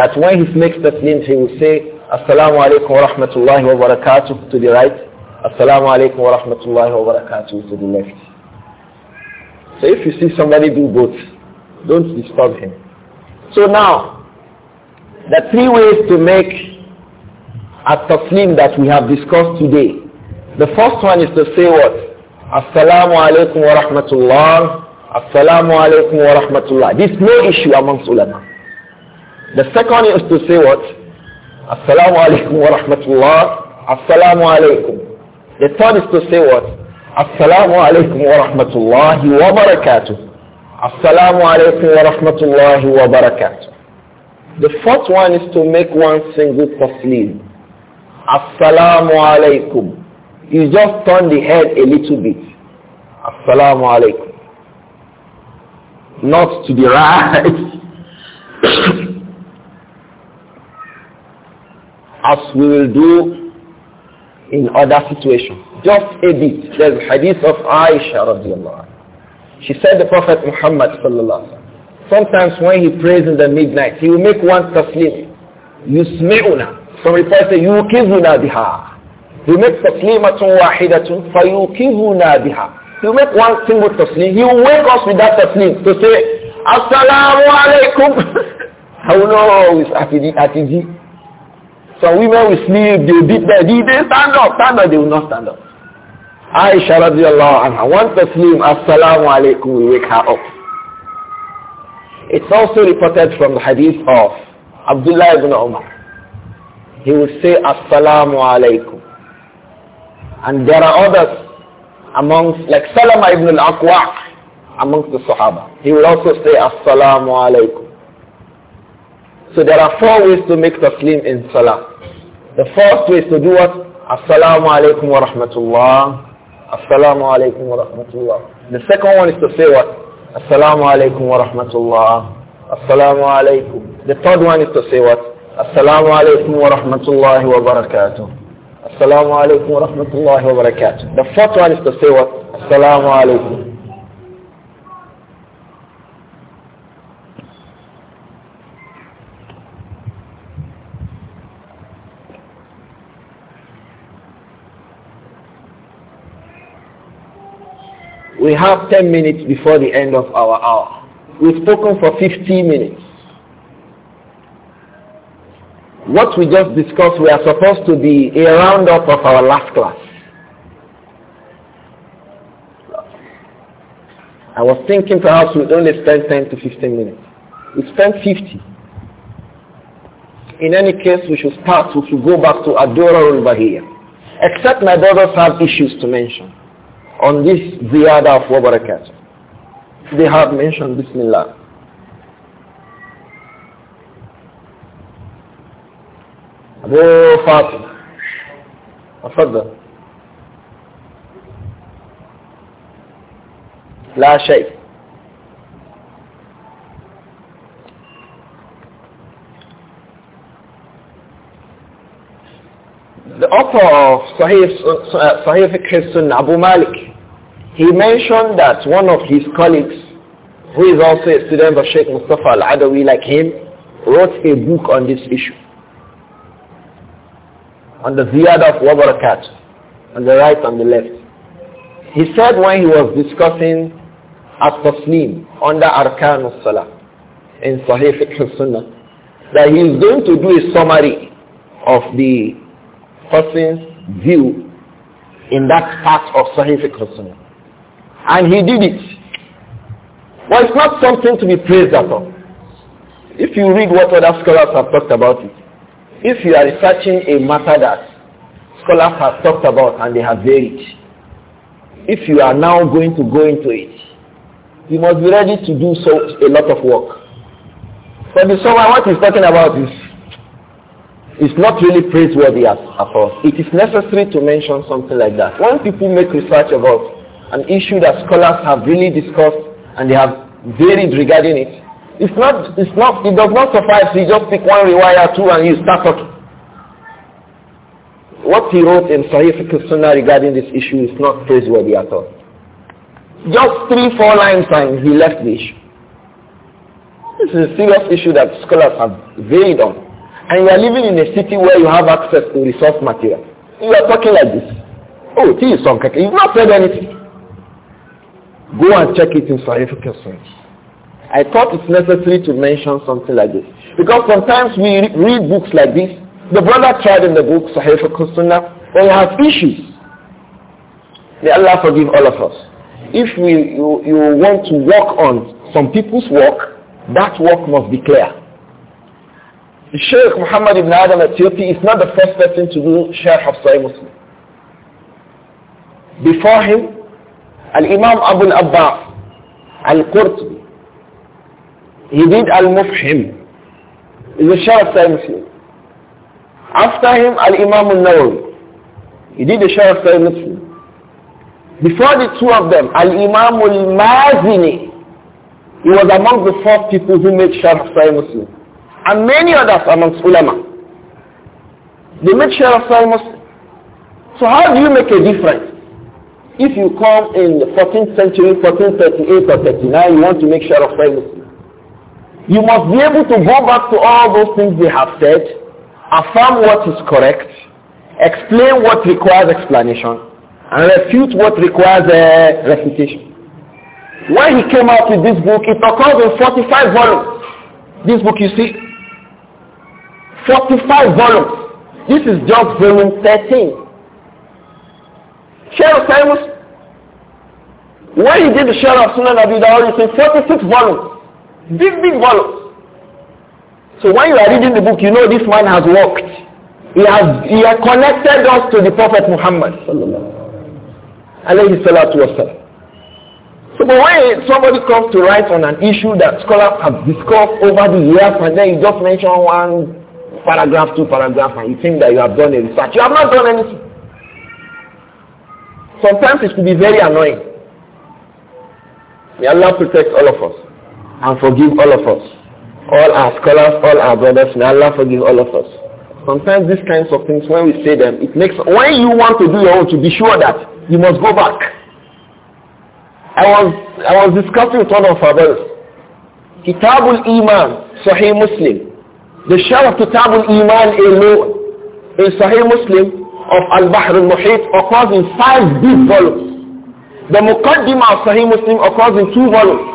That when he makes the taslim, he will say, Assalamu alaikum wa rahmatullahi wa barakatuh to the right. Assalamu alaikum wa rahmatullahi wa barakatuh to the left. So if you see somebody do both, don't disturb him. So now, the three ways to make a taslim that we have discussed today. The first one is to say what? Assalamu alaikum wa rahmatullah. Assalamu alaikum wa rahmatullah. This is no issue amongst ulama. The second is to say what? Assalamu alaikum wa rahmatullah. Assalamu alaikum. The third is to say what? Assalamu alaikum wa rahmatullahi wa barakatuh. Assalamu alaikum wa rahmatullahi wa barakatuh. The fourth one is to make one single taslim. Assalamu alaikum. You just turn the head a little bit. Assalamu alaikum. Not to the right. <coughs> As we will do in other situations. Just a bit. There's hadith of Aisha radiallahu she said the Prophet Muhammad sallallahu Sometimes when he prays in the midnight, he will make one taslim. Yusmi'una. Some reports say, yukizuna biha. He makes make taslimatun wahidatun fayukizuna biha. He will make one single taslim. He will wake us with that taslim to say, Assalamu alaikum. How long is Atiji? So women will sleep, they will beat their, they stand up, stand up, they will not stand up. Aisha radiallahu anha, one taslim, assalamu alaikum, we wake her up. It's also reported from the hadith of Abdullah ibn Umar. He would say, assalamu alaikum. And there are others amongst, like Salama ibn al-Aqwa, amongst the Sahaba. He would also say, assalamu alaikum. So there are four ways to make taslim in salah. The first way is to do what? Assalamu alaikum wa rahmatullah. Assalamu alaykum wa rahmatullah. The second one is to say what? Assalamu alaykum wa rahmatullah. Assalamu alaykum. The third one is to say what? Assalamu alaykum wa wa barakatuh. Assalamu alaykum wa wa barakatuh. The fourth one is to say what? Assalamu alaykum. We have 10 minutes before the end of our hour. We've spoken for fifteen minutes. What we just discussed, we are supposed to be a roundup of our last class. I was thinking perhaps we'd only spend 10 to 15 minutes. We spent 50. In any case, we should start, we should go back to Adora al-Bahiyya. Except my brothers have issues to mention on this ziyada of Wabarakat, They have mentioned Bismillah. أبو فاطمة أفضل لا شيء author of Sahih, uh, Sahih Abu Malik, he mentioned that one of his colleagues, who is also a student of Sheikh Mustafa Al-Adawi like him, wrote a book on this issue. On the ziyada of Wabarakat, on the right and the left. He said when he was discussing At-Taslim under Arkan al-Salah in Sahih Fiqh al-Sunnah, that he is going to do a summary of the person's view in that part of Sahih concern, And he did it. Well, it's not something to be praised at all. If you read what other scholars have talked about it, if you are researching a matter that scholars have talked about and they have varied, if you are now going to go into it, you must be ready to do so a lot of work. But the someone what he's talking about is it's not really praiseworthy as all. It is necessary to mention something like that. When people make research about an issue that scholars have really discussed and they have varied regarding it, it's not, it's not, it does not suffice to just pick one rewire, two, and you start talking. What he wrote in Sahih Sunnah regarding this issue is not praiseworthy at all. Just three, four lines and he left the issue. This is a serious issue that scholars have varied on. And you are living in a city where you have access to resource material. You are talking like this. Oh, tea is some You've not said anything. Go and check it in Sahih Fiqh I thought it's necessary to mention something like this. Because sometimes we read books like this. The brother tried in the book Sahih Fiqh when he has issues. May Allah forgive all of us. If we, you, you want to work on some people's work, that work must be clear. The Shaykh Muhammad ibn Adam al-Tirti is not the first person to do Sharh of Sahih Muslim. Before him, Al-Imam Abu al-Abbas, Al-Qurtubi, he did Al-Mufhim, the Sharh of Sahih Muslim. After him, Al-Imam al-Nawawi, he did the Sharh of Sahih Muslim. Before the two of them, Al-Imam al-Mazini, he was among the first people who made Sharh of Sahih Muslim and many others amongst ulama. They make sure of Muslim. So how do you make a difference? If you come in the 14th century, 1438 or 39, you want to make sure of Muslim. You must be able to go back to all those things they have said, affirm what is correct, explain what requires explanation, and refute what requires uh, refutation. When he came out with this book, it occurred in 45 volumes. This book you see, 45 volumes. This is just volume 13. Share of Timus, when he did the share of Sunan Abi Dawud, he said 46 volumes. Big, big volumes. So when you are reading the book, you know this man has worked. He has, he has connected us to the Prophet Muhammad. Alayhi salatu wasalam. So but when somebody comes to write on an issue that scholars have discussed over the years and then you just mention one paragraph two paragraph and you think that you have done a research. You have not done anything. Sometimes it could be very annoying. May Allah protect all of us and forgive all of us. All our scholars, all our brothers, may Allah forgive all of us. Sometimes these kinds of things, when we say them, it makes, when you want to do your own, to be sure that you must go back. I was, I was discussing with one of our brothers. Kitabul Iman, Sahih Muslim. The share of Kitab al-Iman in Sahih Muslim of Al-Bahr al-Muhit occurs in five big volumes. The Mukaddima of Sahih Muslim occurs in two volumes.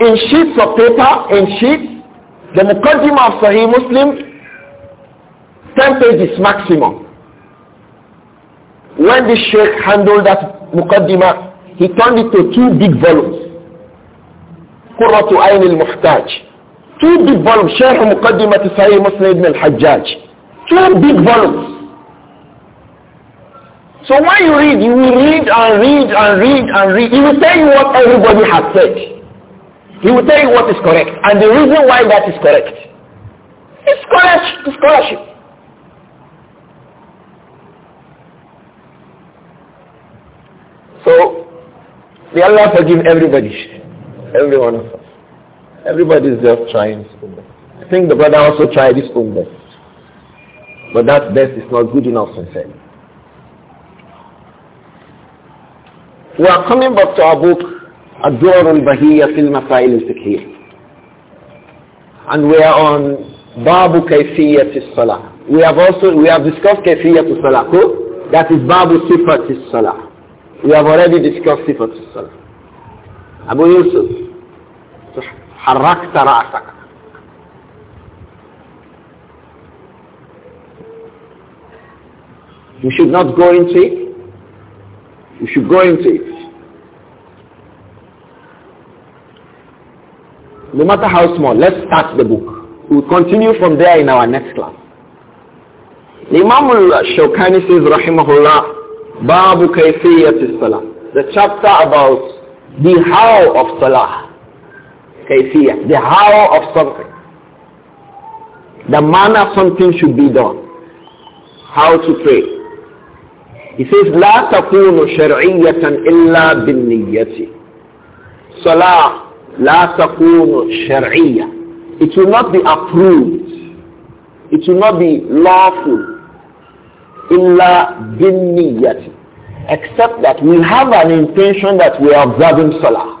In sheets of paper, in sheets, the Mukaddima of Sahih Muslim, 10 pages maximum. When the Sheikh handled that Muqaddimah, he turned it to two big volumes. قرة al Muhtaj. Two big volumes, Sheikh Muqaddimat Sahih Muslim ibn al-Hajjaj. Two big volumes. So when you read, you will read and read and read and read. He will tell you what everybody has said. He will tell you what is correct and the reason why that is correct. It's scholarship. It's scholarship. So, may Allah forgive everybody, everyone Everybody is just trying spoon I think the brother also tried his own best. But that best is not good enough him. We are coming back to our book, الدور البهية في المسائل الفقهية. And we are on باب كيفية الصلاة. We have also, we have discussed كيفية الصلاة. That is babu صفة الصلاة. We have already discussed صفة الصلاة. Abu Yusuf, حركت رأسك You should not go into it. You should go into it. No matter how small, let's start the book. We'll continue from there in our next class. Imam al-Shawkani says, Rahimahullah, Babu Kayfiyyat Salah. The chapter about the how of Salah. Kaifiyah, the how of something. The manner something should be done. How to pray. He says, لا تكون شرعية إلا بالنية. Salah لا تكون شرعية. It will not be approved. It will not be lawful. إلا بالنية. Except that we have an intention that we are observing Salah.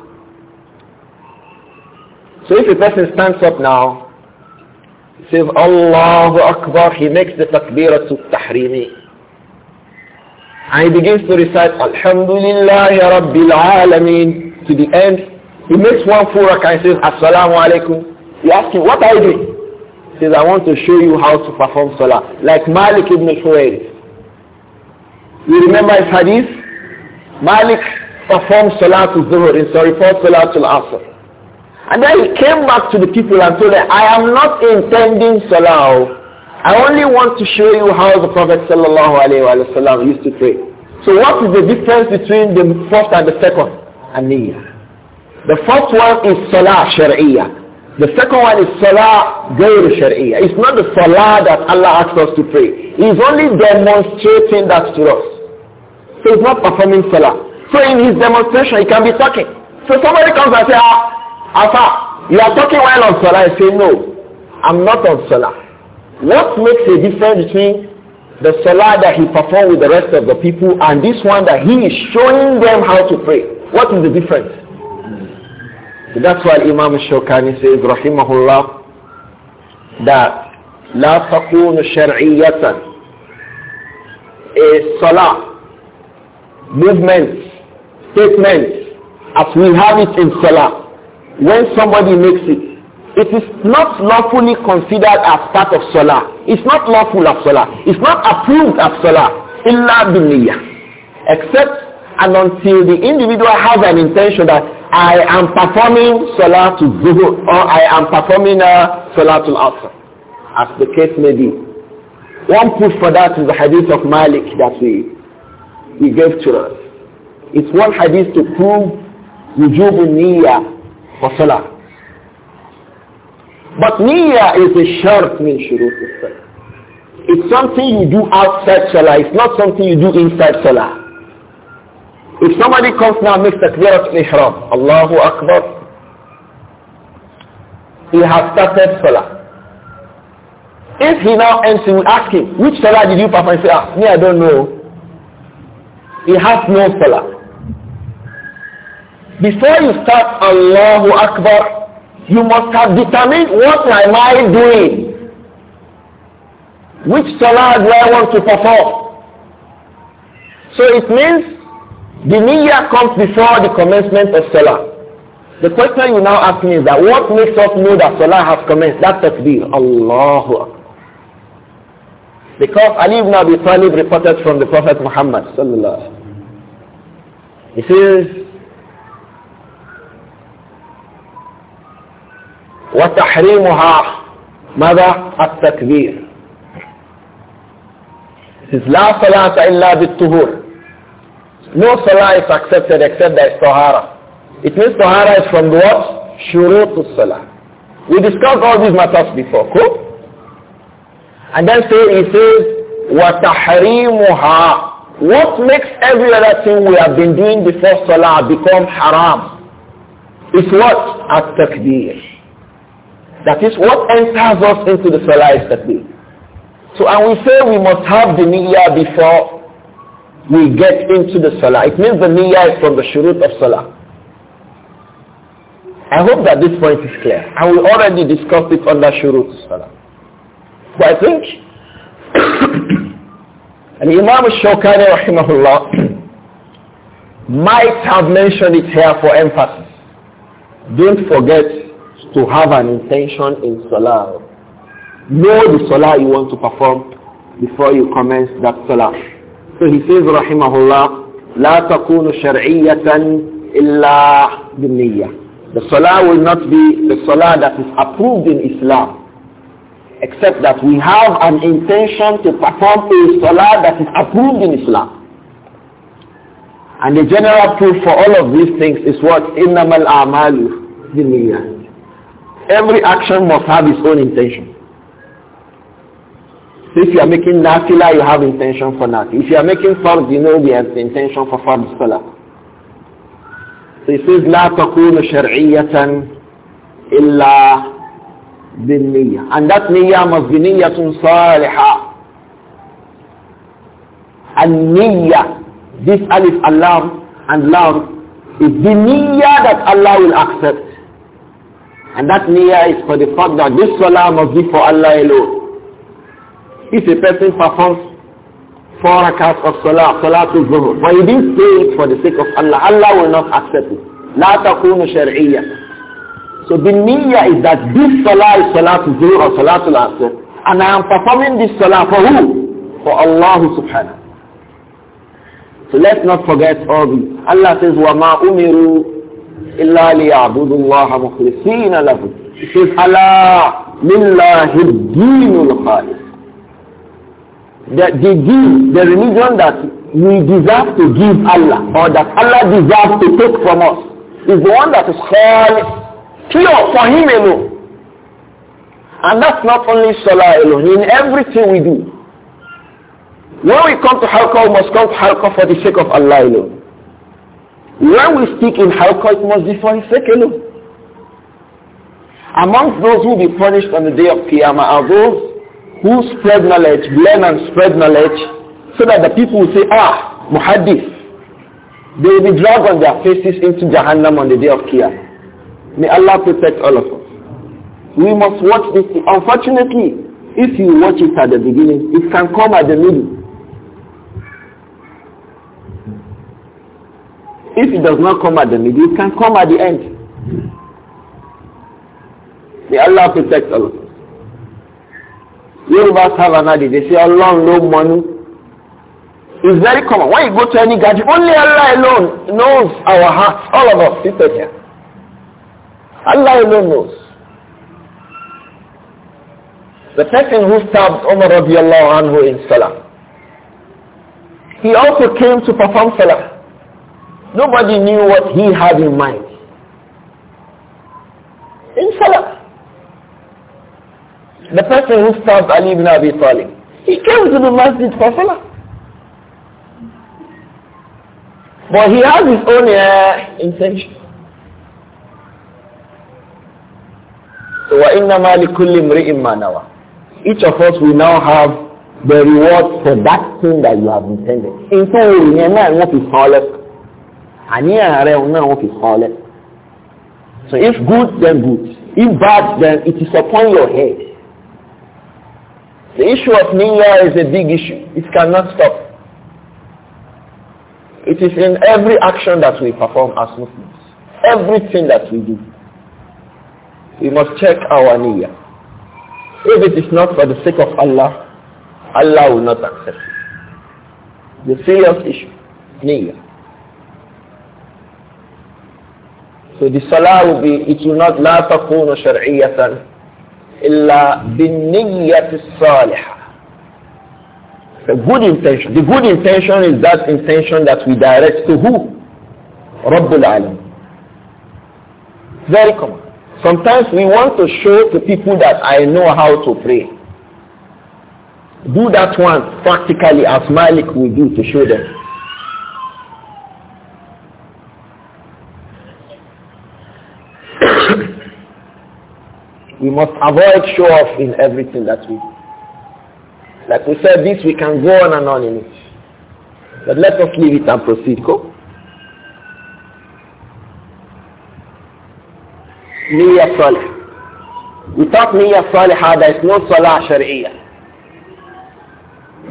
So if a person stands up now, says Allahu Akbar, he makes the takbiratul tahrimi. And he begins to recite Alhamdulillah Rabbil Alameen to the end. He makes one full rakah and says Assalamu alaikum. He asks him, what are you doing? He says, I want to show you how to perform salah. Like Malik ibn Khuwairi. You remember his hadith? Malik performed salah to Zuhur in sorry, for salah to Asr. And then he came back to the people and told them, I am not intending salah. Oh. I only want to show you how the Prophet sallallahu used to pray. So what is the difference between the first and the second? Aniyah. The first one is salah shar'iyah. The second one is salah gayr shar'iyah. It's not the salah that Allah asks us to pray. He's only demonstrating that to us. So he's not performing salah. So in his demonstration, he can be talking. So somebody comes and says, ah, after you are talking while on Salah. I say, no, I'm not on Salah. What makes a difference between the Salah that he performed with the rest of the people and this one that he is showing them how to pray? What is the difference? So that's why Imam Shawkani says, Rahimahullah, that لا تكون شرعية a salah movement statement as we have it in salah when somebody makes it, it is not lawfully considered as part of salah. It's not lawful of salah. It's not approved of salah. Illa biniyah. Except and until the individual has an intention that I am performing salah to zuhur or I am performing uh, salah to asr. As the case may be. One proof for that is the hadith of Malik that we, he gave to us. It's one hadith to prove wujub niyyah for salah. But niyyah is a shart min shurut It's something you do outside salah. It's not something you do inside salah. If somebody comes now and makes takbirat al-ihram, Allahu Akbar, he has started salah. If he now ends, he will ask him, which salah did you perform? He say, ah, me, I don't know. He has no salah. Before you start Allahu Akbar, you must have determined what am I doing? Which salah do I want to perform? So it means the niyyah comes before the commencement of salah. The question you now ask me is that what makes us know that salah has commenced? That takbir. Allahu Akbar. Because Ali ibn Abi Talib reported from the Prophet Muhammad sallallahu He says, وتحريمها ماذا التكبير لا صلاة إلا بالطهور No salah is accepted except that tahara. It means tahara is from the what? to salah. We discussed all these matters before. Cool? And then say, he says, وَتَحْرِيمُهَا What makes every other thing we have been doing before salah become haram? It's what? At-takbir. That is what enters us into the Salah is Takbir. So and we say we must have the niyyah before we get into the Salah. It means the niyyah is from the shurut of Salah. I hope that this point is clear. And we already discussed it under shurut Salah. But I think <coughs> and Imam Shawkani rahimahullah <coughs> might have mentioned it here for emphasis. Don't forget to have an intention in salah. Know the salah you want to perform before you commence that salah. So he says, rahimahullah, لا تكون شرعية إلا بالنية. The salah will not be the salah that is approved in Islam except that we have an intention to perform a salah that is approved in Islam. And the general proof for all of these things is what? إِنَّمَا الْأَعْمَالُ بِالنِّيَّةِ Every action must have its own intention. if you are making nafila, you have intention for nafila. If you are making farz, you know you have the intention for farz salah. So it says, لا تكون شرعية إلا بالنية. And that niyyah must be niyyatun صالحة. And niyyah, this alif Allah and lam is the niyyah that Allah will accept. And that niyyah is for the fact that this salah must be for Allah alone. If a person performs four rakats of salah, salah to zuhur, but he didn't say it for the sake of Allah, Allah will not accept it. لا تكون شرعية so the niyyah is that this salah is salah to zuhr or salah to asr and I am performing this salah for who? For Allah subhanahu. So let's not forget all these. Allah says, وَمَا أُمِرُوا إلا ليعبد الله مخلصين له says لله الدين الخالص the, the deen, the religion that we deserve to give Allah or that Allah deserves to take from us is the one that is called pure for Him alone. And that's not only Salah alone, in everything we do. When we come to Halqa, we must come to Halqa for the sake of Allah alone. When we speak in halqa, it must be for his sake alone. Amongst those who will be punished on the day of Qiyamah are those who spread knowledge, learn and spread knowledge, so that the people will say, ah, muhaddith. They will be dragged on their faces into Jahannam on the day of Qiyamah. May Allah protect all of us. We must watch this. Unfortunately, if you watch it at the beginning, it can come at the middle. If it does not come at the middle, it can come at the end. May Allah protect all of us. Yorubas have an adage. They say, Allah, no money. It's very common. When you go to any gadget, only Allah alone knows our hearts, all of us people here. Allah alone knows. The person who stabbed Umar radiallahu anhu in Salah, he also came to perform Salah. Nobody knew what he had in mind. In Salah. The person who stabbed Ali ibn Abi Talib, he came to the masjid for Salah. But he has his own uh, intention. So وَإِنَّمَا لِكُلِّ امْرِئٍ مَّا نَوَى Each of us will now have the reward for that thing that you have intended. In fact, we not so if good then good if bad then it is upon your head the issue of niya is a big issue it cannot stop it is in every action that we perform as Muslims everything that we do we must check our niya. if it is not for the sake of Allah Allah will not accept it the serious issue niyyah So the salah will be, it will not, لا تكون شرعية إلا بالنية الصالحة. The good intention. The good intention is that intention that we direct to who? Rabbul Alam. Very common. Sometimes we want to show to people that I know how to pray. Do that one practically as Malik will do to show them. We must avoid show-off in everything that we do. Like we said, this we can go on and on in it. But let us leave it and proceed. Go. Niyya Salih. Without Niyya Salihah, there is no Salah Shari'iyah.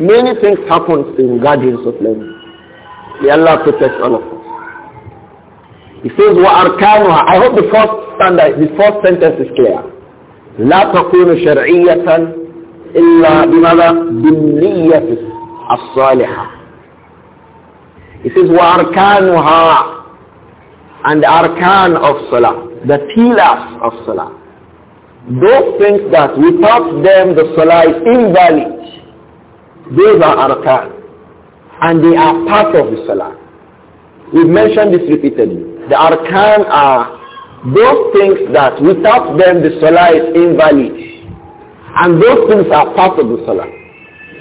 Many things happen in guardians of learning. May Allah protect all of us. He says, وَأَرْكَانُهَا I hope the first standard, the first sentence is clear. لا تكون شرعية إلا بماذا؟ بالنية الصالحة He says وأركانها and arkan of salah the pillars of salah those things that without them the salah is invalid those are arkan and they are part of the salah we've mentioned this repeatedly the arkan are those things that without them the salah is invalid. And those things are part of the salah.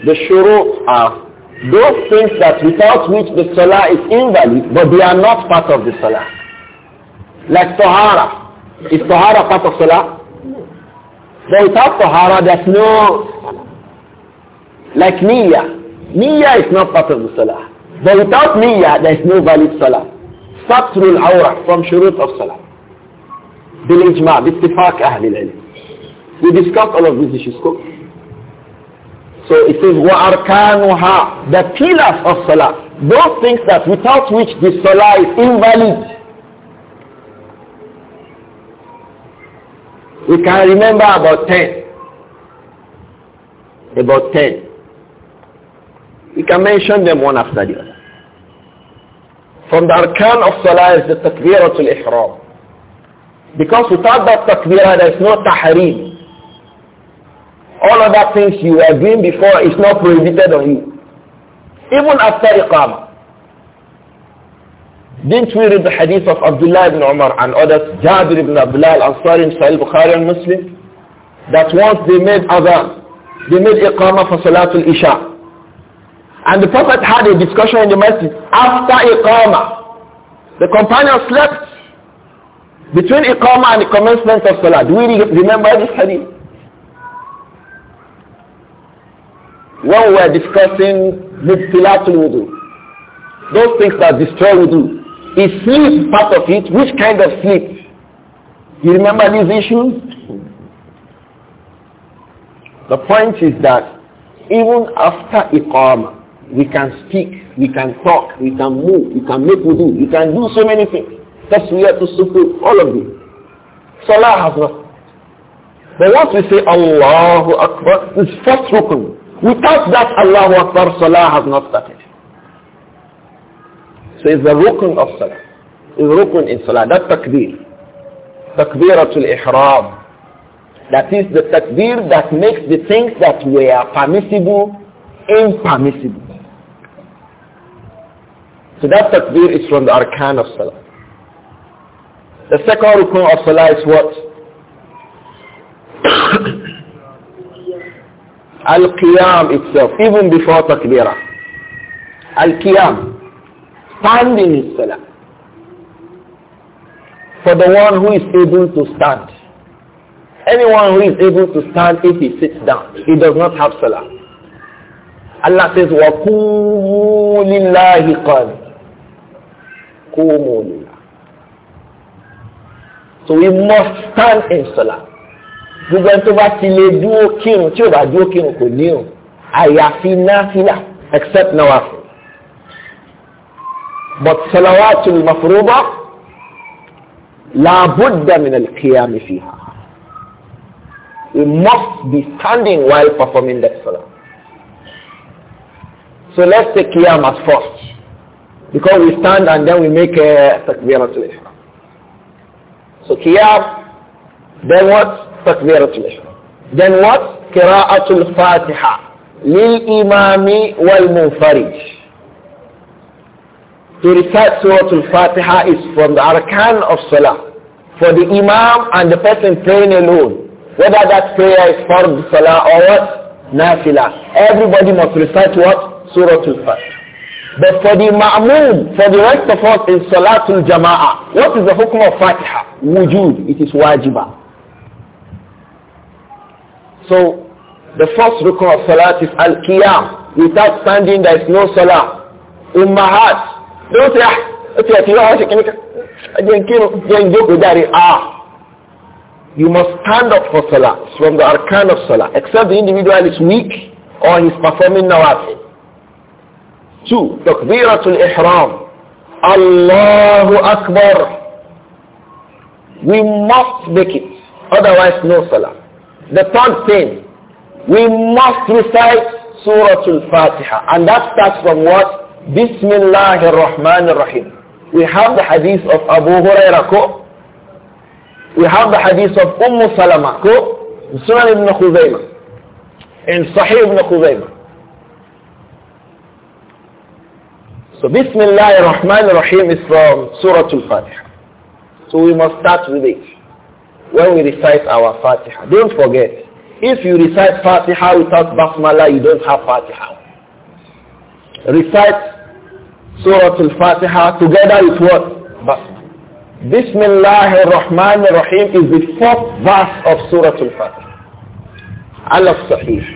The shuru are those things that without which the salah is invalid, but they are not part of the salah. Like tahara. Is tahara part of salah? But without tahara, there's no... Like niya, niya is not part of the salah. But without niya there is no valid salah. Satrul awrah from shurut of salah. بالإجماع باتفاق أهل العلم we discussed all of these issues so it says وَأَرْكَانُهَا the pillars of Salah those things that without which the Salah is invalid we can remember about 10 about 10 we can mention them one after the other from the arkan of salah is the takbiratul ihram because without that takbirah, there is no tahreem. All other things you were doing before is not prohibited on you. Even after iqamah. Didn't we read the hadith of Abdullah ibn Umar and others, Jabir ibn Abdullah al-Ansari Sahih Bukhari and Muslim, that once they made adhan, they made iqamah for Salatul Isha. And the Prophet had a discussion in the masjid after iqamah. The companion slept between Iqama and the commencement of Salah, do we remember this hadith? When we were discussing Mubtilatul Wudu, those things that destroy Wudu, is sleep part of it? Which kind of sleep? You remember these issues? The point is that even after Iqama, we can speak, we can talk, we can move, we can make wudu, we can do so many things. Taswiyatu Sufu, all of it. Salah has not. But once we say Allahu Akbar, it's first rukun. Without that Allahu Akbar, Salah has not started. So it's the rukun of Salah. It's rukun in Salah. That takbir. Takbiratul Ihram. That is the takbir that makes the things that were permissible impermissible. So that takbir is from the arkan of Salah. The second rukun of salah is what? <coughs> Al-Qiyam itself, even before takbirah. Al-Qiyam, standing in salah. For the one who is able to stand. Anyone who is able to stand if he sits down, he does not have salah. Allah says, وَقُومُوا لِلَّهِ قَانِ قُومُوا so we must stand in sola gbogbo ẹni tó bá ti lè dúró kírun tí ò bá dúró kírun kò ní o àyàfi náfìlà except náwà fún but salawatul mafruḍa la budda min al-qiyam fiha we must be standing while performing that salah so let's take qiyam as first because we stand and then we make a takbiratul So Qiyam, then what? Takbiratul Ihram. Then what? Qira'atul Fatiha. للإمام والمنفرج to recite Surah Al-Fatiha is from the arkan of Salah. For the Imam and the person praying alone, whether that prayer is for Salah or what? Nafila. Everybody must recite what? Surah Al-Fatiha. But for the ma'mun, for the rest of us in Salatul Jama'ah, what is the hukum of Fatiha? Wujud, it is wajibah. So, the first rukun of Salat is Al-Qiyam. Without standing, there is no Salah. Ummahat. Don't say, ah, okay, I can Ah. You must stand up for Salah. It's from the arkan of Salah. Except the individual is weak or he's performing nawafil. Two, تكبيرة الإحرام الله أكبر We must make it. Otherwise, no salah. The third thing, we must recite Surah Al-Fatiha. And that starts from what? بسم الله الرحمن الرحيم We have the hadith of Abu Hurairah We have the hadith of Umm Salama in Sunan ibn Khuzaymah. In Sahih ibn Khuzaymah. So Bismillah ar-Rahman ar-Rahim is from Surah Al-Fatiha. So we must start with it when we recite our Fatiha. Don't forget, if you recite Fatiha without Basmala, you don't have Fatiha. Recite Surah Al-Fatiha together with what? Basmala. Bismillah ar-Rahman ar-Rahim is the fourth verse of Surah Al-Fatiha. Allah Sahih.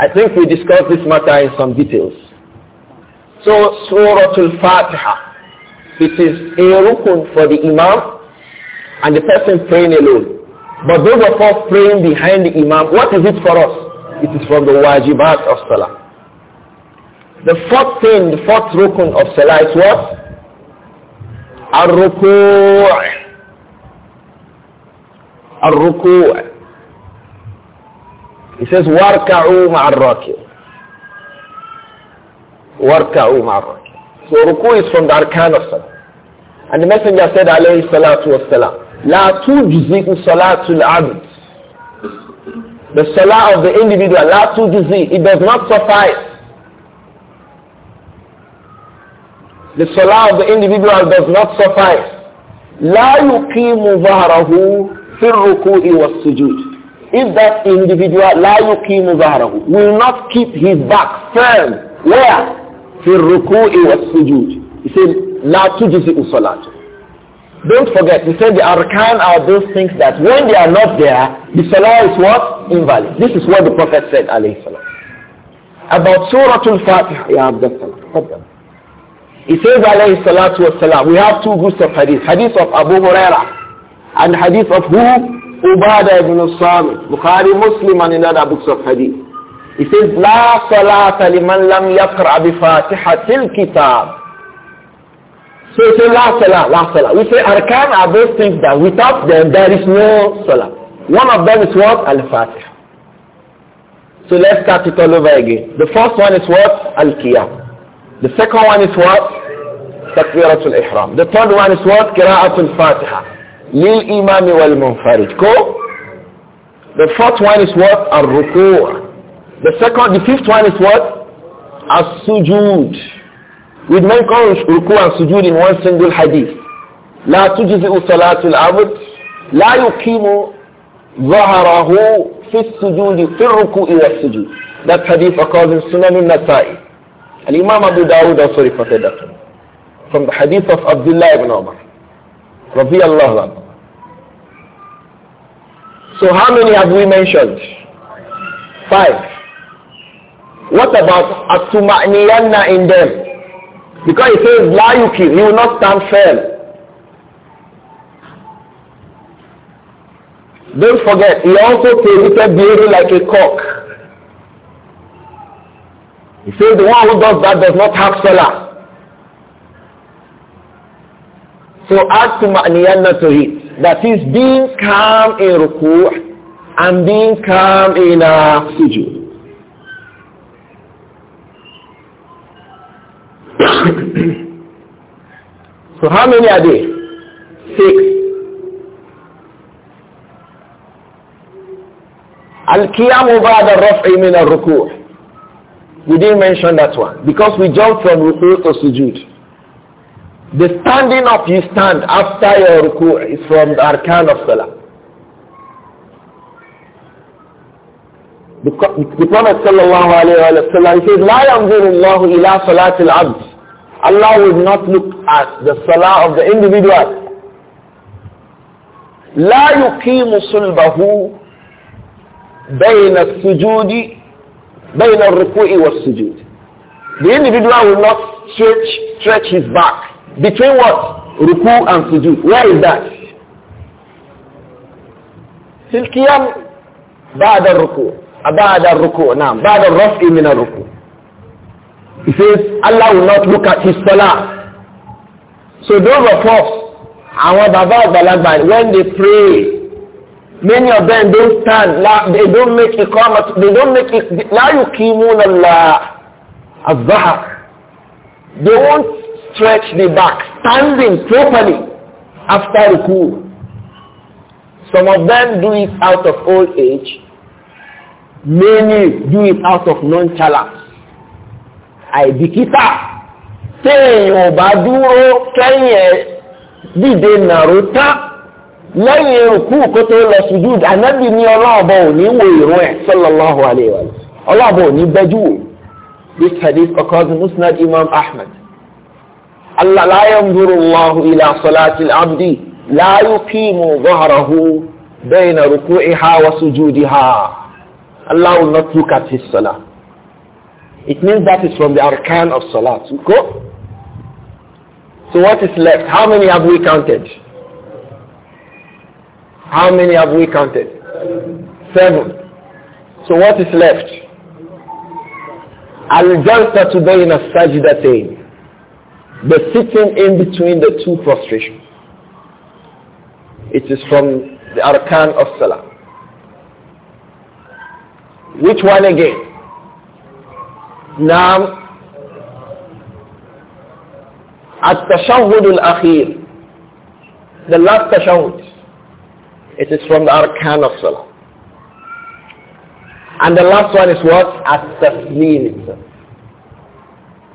I think we discussed this matter in some details. So Surah Al-Fatiha, it is a rukun for the Imam and the person praying alone. But those of us praying behind the Imam, what is it for us? It is from the wajibat of Salah. The fourth thing, the fourth rukun of Salah is what? الركوع الركوع It says واركعوا مع الراكع وَارْكَعُوا مَعَ So ruku is from the arkan And the messenger said alayhi salatu wasalam, لَا تُجْزِئُ salatul الْعَبْدِ The salah of the individual, لَا تُجْزِئُ It does not suffice. The salah of the individual does not suffice. La لَا يُقِيمُ ظَهْرَهُ فِي الرُّكُوءِ وَالسُّجُودِ If that individual, la يُقِيمُ ظَهْرَهُ Will not keep his back firm. Where? في was والسجود he said لا تجزئ الصلاة don't forget he said the arkan are those things that when they are not there the salah is what invalid this is what the prophet said alayhi salam about surah al-fatiha ya abdullah he says alayhi salatu wasalam we have two groups of hadith hadith of abu huraira and hadith of who Ubada ibn samit bukhari muslim and in other books of hadith he says, لا صلاة لمن لم يقرأ بفاتحة الكتاب. So we say la salah, la salah. We say arkan are those things that without them there is no salah. One of them is what? Al-Fatiha. So let's start it all over again. The first one is what? Al-Qiyam. The second one is what? تَكْبِيرَةُ الْإِحرَام. The third one is what? قراءة الفاتحة لِلْإِمَامِ Imam Go. The fourth one is what? al the second, the fifth one is what? As-sujud. with would ruku and sujud in one single hadith. لا تجزئ صلاة العبد لا يقيم ظهره في السجود في الركوع والسجود. That hadith occurs in Sunan al-Nasa'i. And Imam Abu Dawud also reported that from the hadith of Abdullah ibn Umar. الله عنه. So how many have we mentioned? Five. What about atumaniyanna in them? Because it says Layuki, he will not stand firm. Don't forget, he also prohibited behaving like a cock. He says the one who does that does not have salah. So add to ma'niyanna to it. That is being calm in ruku' and being calm in a uh, sujood. <coughs> so how many are they? Six. Al-Qiyamu the raf'i min al-ruku' We didn't mention that one because we jumped from ruku' to sujud. The standing up you stand after your ruku' is from the arkan of salah. The Prophet sallallahu alayhi wa sallam says, لا ينظر الله إلى صلاة العبد Allah will not look at the salah of the individual. لا يقيم صلبه بين السجود بين الركوع والسجود. The individual will not stretch, stretch his back between what? Ruku and sujood. Where is that? في بعد الركوع بعد الركوع نعم بعد الرفع من الركوع he says, Allah will not look at his salah. So those of us, our Baba Balagban, when they pray, many of them don't stand, they don't make a comment, they don't make it, Allah They won't stretch the back, standing properly after ruku. Some of them do it out of old age, many do it out of nonchalance. àìbìkítà téèyàn ò bá dúró kẹ́yìn ẹ̀ dìde nàró tán lẹ́yìn òkú kótó lọ sí sùjúd ànábì ní ọlọ́ọ̀bọ ò ní wo ìrún ẹ̀ sallallahu alayhi wa ọlọ́ọ̀bọ̀ ò ní bẹ́jú wò this hadith occurs in musnad imam ahmed allah láyé ń yanzuru lọ́hù ila salati al-abdi la yuqimu dhahrahu bayna ruku'iha wa sí ha allah will not look at his salah It means that is from the arkan of salat. Go. So what is left? How many have we counted? How many have we counted? Seven. So what is left? Al-Jalsa sajda Sajidatayn. The sitting in between the two prostrations. It is from the arkan of salah. Which one again? Now, التشهد الأخير the last tashahud it is from the arkan of salah and the last one is what at-taslim itself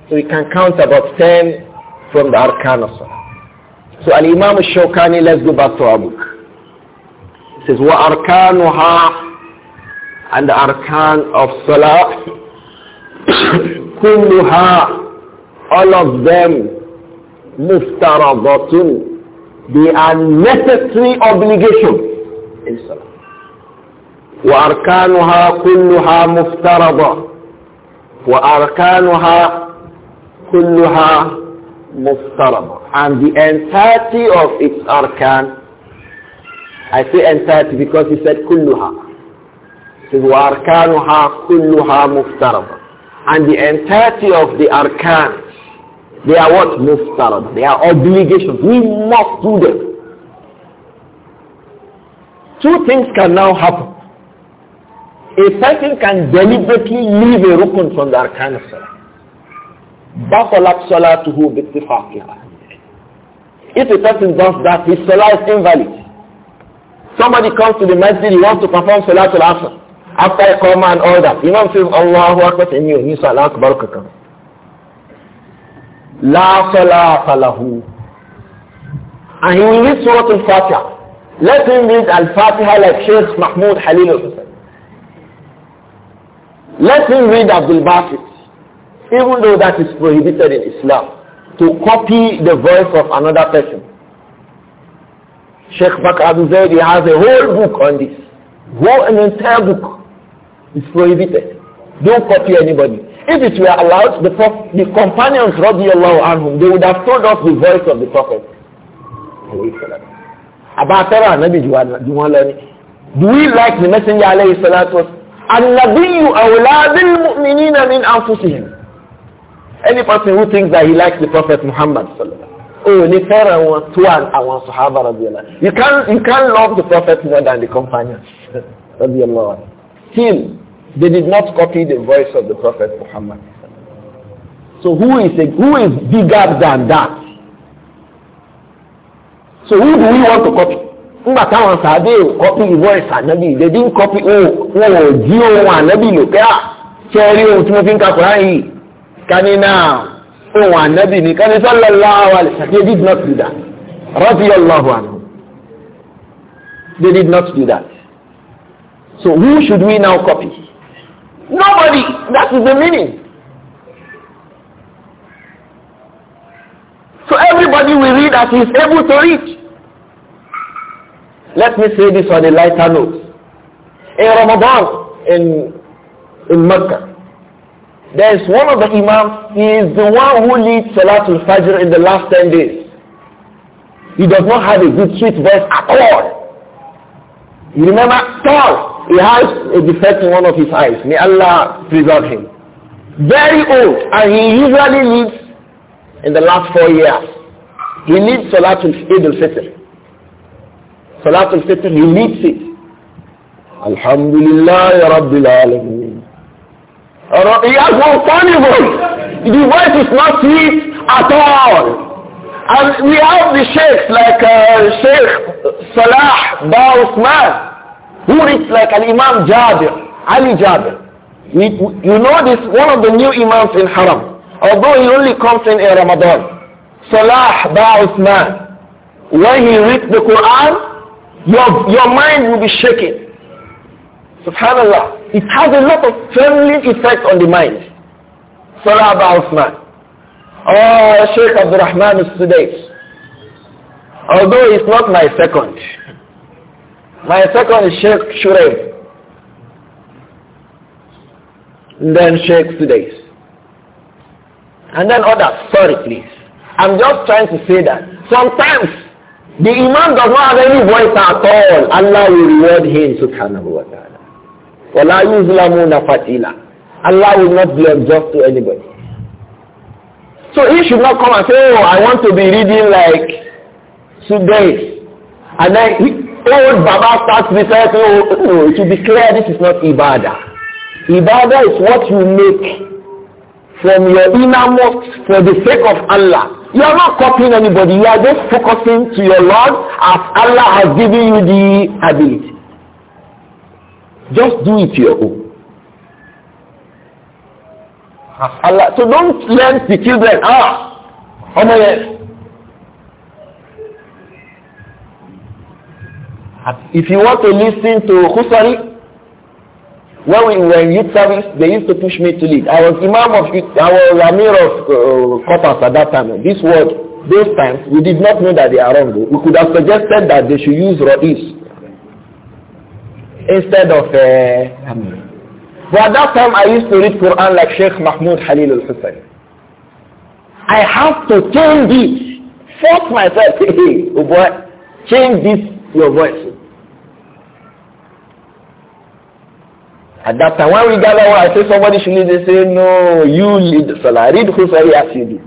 so we can count about 10 from the arkan of salah so al-imam al let's go back to our book it says what wa arkanuha and the arkan of salah كلها all of them, مفترضات they are necessary obligations وأركانها كلها مفترضة وأركانها كلها مفترضة and the entirety of its أركان I say entirety because he said كلها وأركانها كلها مفترضة and the entirety of the arkan they are what mustarad they are obligations we must do them two things can now happen a person can deliberately leave a rukun from the arkan of salah بطلت صلاته باتفاق If a person does that, his salah is invalid. Somebody comes to the masjid, he wants to perform salah al-asr after I come and all that. Imam says, Allahu Akbar and you, Nisa Allah Akbar kakam. La salata lahu. And he will read Surah Al-Fatiha. Let him read Al-Fatiha like Sheikh Mahmoud Halil al Let him read Abdul Basit. Even though that is prohibited in Islam. To copy the voice of another person. Sheikh Bakr Abu Zaidi has a whole book on this. Whole an entire book it's prohibited. Don't copy anybody. If it were allowed, the, the companions, radiallahu anhum, they would have told us the voice of the Prophet. Do we like the Messenger alayhi salatu was? النبي أولى Any person who thinks that he likes the Prophet Muhammad Oh, ni fẹ́ràn wọn tó àwọn sahaba radiyallahu You can't, you can't love the Prophet more than the companions <laughs> radiyallahu anhu. They did not copy the voice of the Prophet Muhammad. So who is, a, who is bigger than that? So who do we want to copy? Nígbà táwọn sàdé copy voice ànábì, they didn't copy ohun wọn ò jí ohun ànábì lòkè à. Ah, ṣé rí ohun tí mo fi ń ka Quran yìí? Kani náà ohun ànábì ni Kani sallallahu alaihi wasallam. They did not do that. Radiyallahu anhu. They did not do that. So who should we now copy? Nobody. That is the meaning. So everybody will read that he is able to read. Let me say this on a lighter note. In Ramadan, in, in Mecca, there is one of the imams, he is the one who leads Salatul Fajr in the last 10 days. He does not have a good sweet voice at all. You remember? tell. He has a defect in one of his eyes. May Allah preserve him. Very old, and he usually lives in the last four years. He needs Salatul Eid al-Fitr. Salatul Fitr, he needs it. Alhamdulillah Rabbil Alameen. He has no funny voice. The voice is not sweet at all. And we have the sheikhs like uh, Sheikh Salah Ba Usman who is like an Imam Jabir, Ali Jabir. We, you know this, one of the new Imams in Haram, although he only comes in, a Ramadan. Salah Ba Uthman. When he reads the Quran, your, your mind will be shaken. Subhanallah. It has a lot of trembling effect on the mind. Salah Ba Uthman. Oh, Sheikh Abdul Rahman is today. Although he's not my second. My second is Sheikh Shuraib. And then Sheikh Sudais. And then others. Sorry, please. I'm just trying to say that sometimes the Imam does not have any voice at all. Allah will reward him, subhanahu wa ta'ala. وَلَا يُظْلَمُونَ فَتِيلًا Allah will not be unjust to anybody. So he should not come and say, oh, I want to be reading like Sudais. And then he, old Baba starts besides you, oh, no, it be clear this is not Ibadah. Ibadah is what you make from your innermost for the sake of Allah. You are not copying anybody. You are just focusing to your Lord as Allah has given you the ability. Just do it your own. Allah, so don't learn the children, ah, oh my If you want to listen to Khusari, when we were in youth service, they used to push me to lead. I was imam of youth, I was amir of uh, at that time. This word, those times, we did not know that they are wrong. We could have suggested that they should use Ra'is instead of uh, amir. But at that time, I used to read Quran like Sheikh Mahmoud Halil al-Hussein. I have to change this. Force myself, <laughs> hey, oh boy, change this, your voice. At that time, when we gather, when I say somebody should lead, they say, no, you lead the salah. Read say as you do.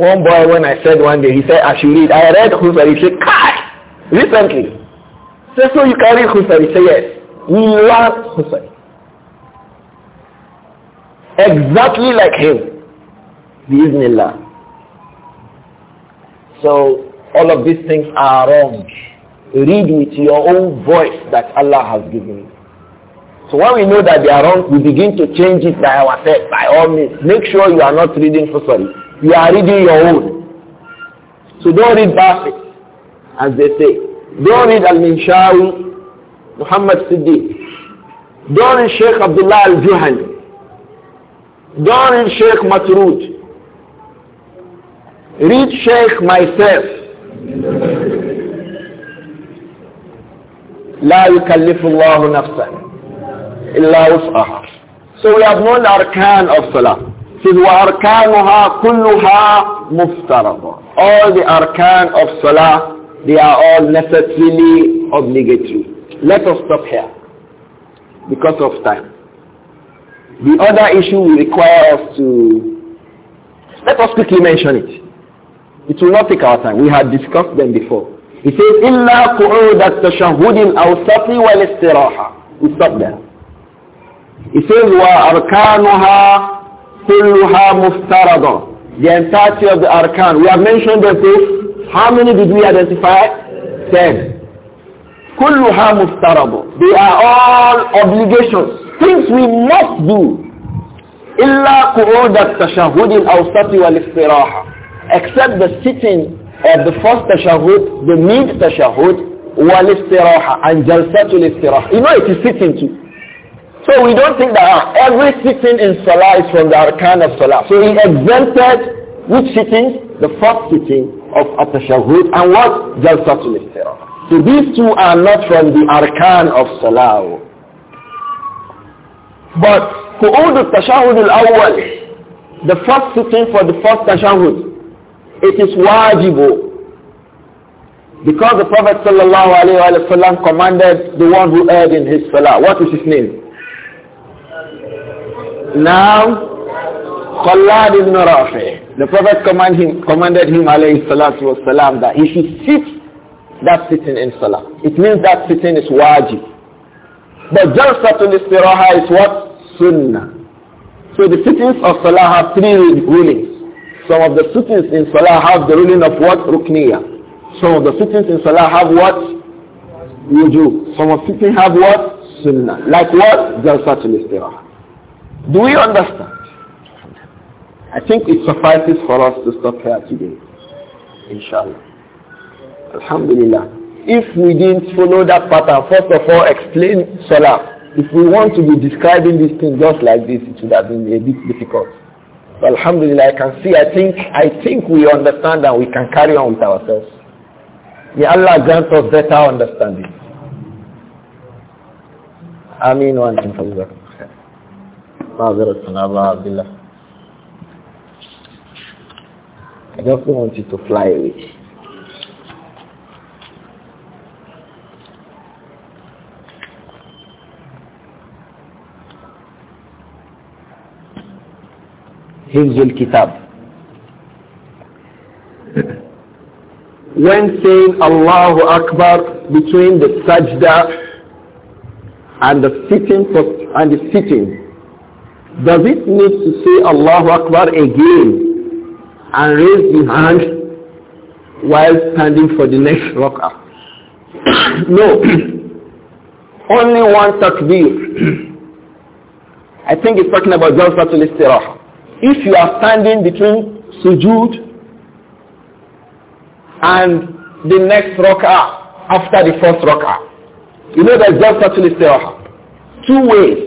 One boy, when I said one day, he said, I should read. I read Husari. He said, Kai! Recently. He said, so you can read Husari. He said, yes. We love Husari. Exactly like him. Bismillah. So, all of these things are wrong. Read with your own voice that Allah has given you. So when we know that they are wrong, we begin to change it by ourselves, by all means. Make sure you are not reading for oh, sorry. You are reading your own. So don't read verses, as they say. Don't read Al-Minshawi, Muhammad Siddiq. Don't read Sheikh Abdullah Al-Juhani. Don't read Sheikh Matrud. Read Sheikh myself. لا يكلف الله نفسا إلا وسعها So we have known the arkan of salah. Says وَأَرْكَانُهَا كُلُّهَا مُفْتَرَضَةً All the arkan of salah, they are all necessarily obligatory. Let us stop here because of time. The other issue will require us to, let us quickly mention it. It will not take our time. We had discussed them before. He says, إِلَّا قُعُودَ التَّشَهُدِ الْأَوْسَطِ وَالْإِسْتِرَاحَةِ Stop there. He says, وَأَرْكَانُهَا كُلُّهَا مُفْتَرَضًا The entirety of the arkan. We have mentioned the proof. How many did we identify? Ten. كُلُّهَا مُفْتَرَضًا They are all obligations. Things we must do. إِلَّا قُعُودَ التَّشَهُدِ الْأَوْسَطِ وَالْإِسْتِرَاحَةِ Except the sitting at the first tashahhud, the mid tashahhud, wal istiraha and jalsatul istiraha. You know it is sitting too. So we don't think that ah, every sitting in salah is from the arkan of salah. So he exempted which sitting? The first sitting of at and what? Jalsatul istiraha. So these two are not from the arkan of salah. But all the tashahhud, the first sitting for the first tashahhud. It is wajibu. Because the Prophet wasallam commanded the one who erred in his salah. What is his name? Now, Khalad ibn Rafi. The Prophet command him, commanded him alayhi salatu wasalam that he should sit that sitting in salah. It means that sitting is wajib. But Jalsatul Istiraha is what? Sunnah. So the sittings of salah have three rulings. Some of the suttons in Salah have the ruling of what? Rukniya. Some of the suttons in Salah have what? Wuju. Some of suttons have what? Sunnah. Like what? Jalsatul Istirah. Do we understand? I think it suffices for us to stop here today. Inshallah. Alhamdulillah. If we didn't follow that pattern, first of all, explain Salah. If we want to be describing this thing just like this, it would have been a bit difficult. Alhamdulillah, I can see. I think, I think we understand and we can carry on with ourselves. May Allah grant us better understanding. Amin. Wa فضلكم معذرة الله عبد I just wanted to fly away. When saying Allahu Akbar between the sajda and the sitting and the sitting, does it need to say Allahu Akbar again and raise the hand while standing for the next rak'ah? <coughs> no. <coughs> Only one takbir. <coughs> I think it's talking about Jalsatul Istirah if you are standing between sujood and the next rak'ah after the first rak'ah. You know there's just actually istiraha. Two ways.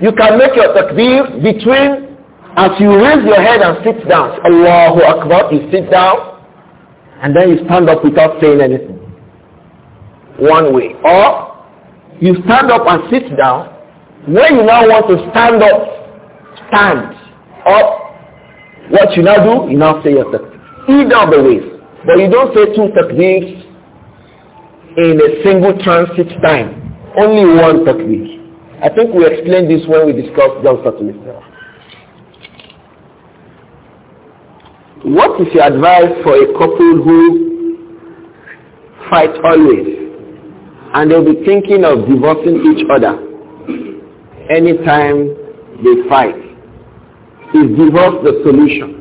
You can make your takbir between as you raise your head and sit down. Allahu Akbar, you sit down and then you stand up without saying anything. One way. Or you stand up and sit down. When you now want to stand up, stand up. What you now do, you now say your takbir. Either of the ways. But you don't say two takbirs in a single transit time. Only one takbir. I think we explained this when we discussed Jalsatul Islam. What is your advice for a couple who fight always and they'll be thinking of divorcing each other anytime they fight? is give us the solution.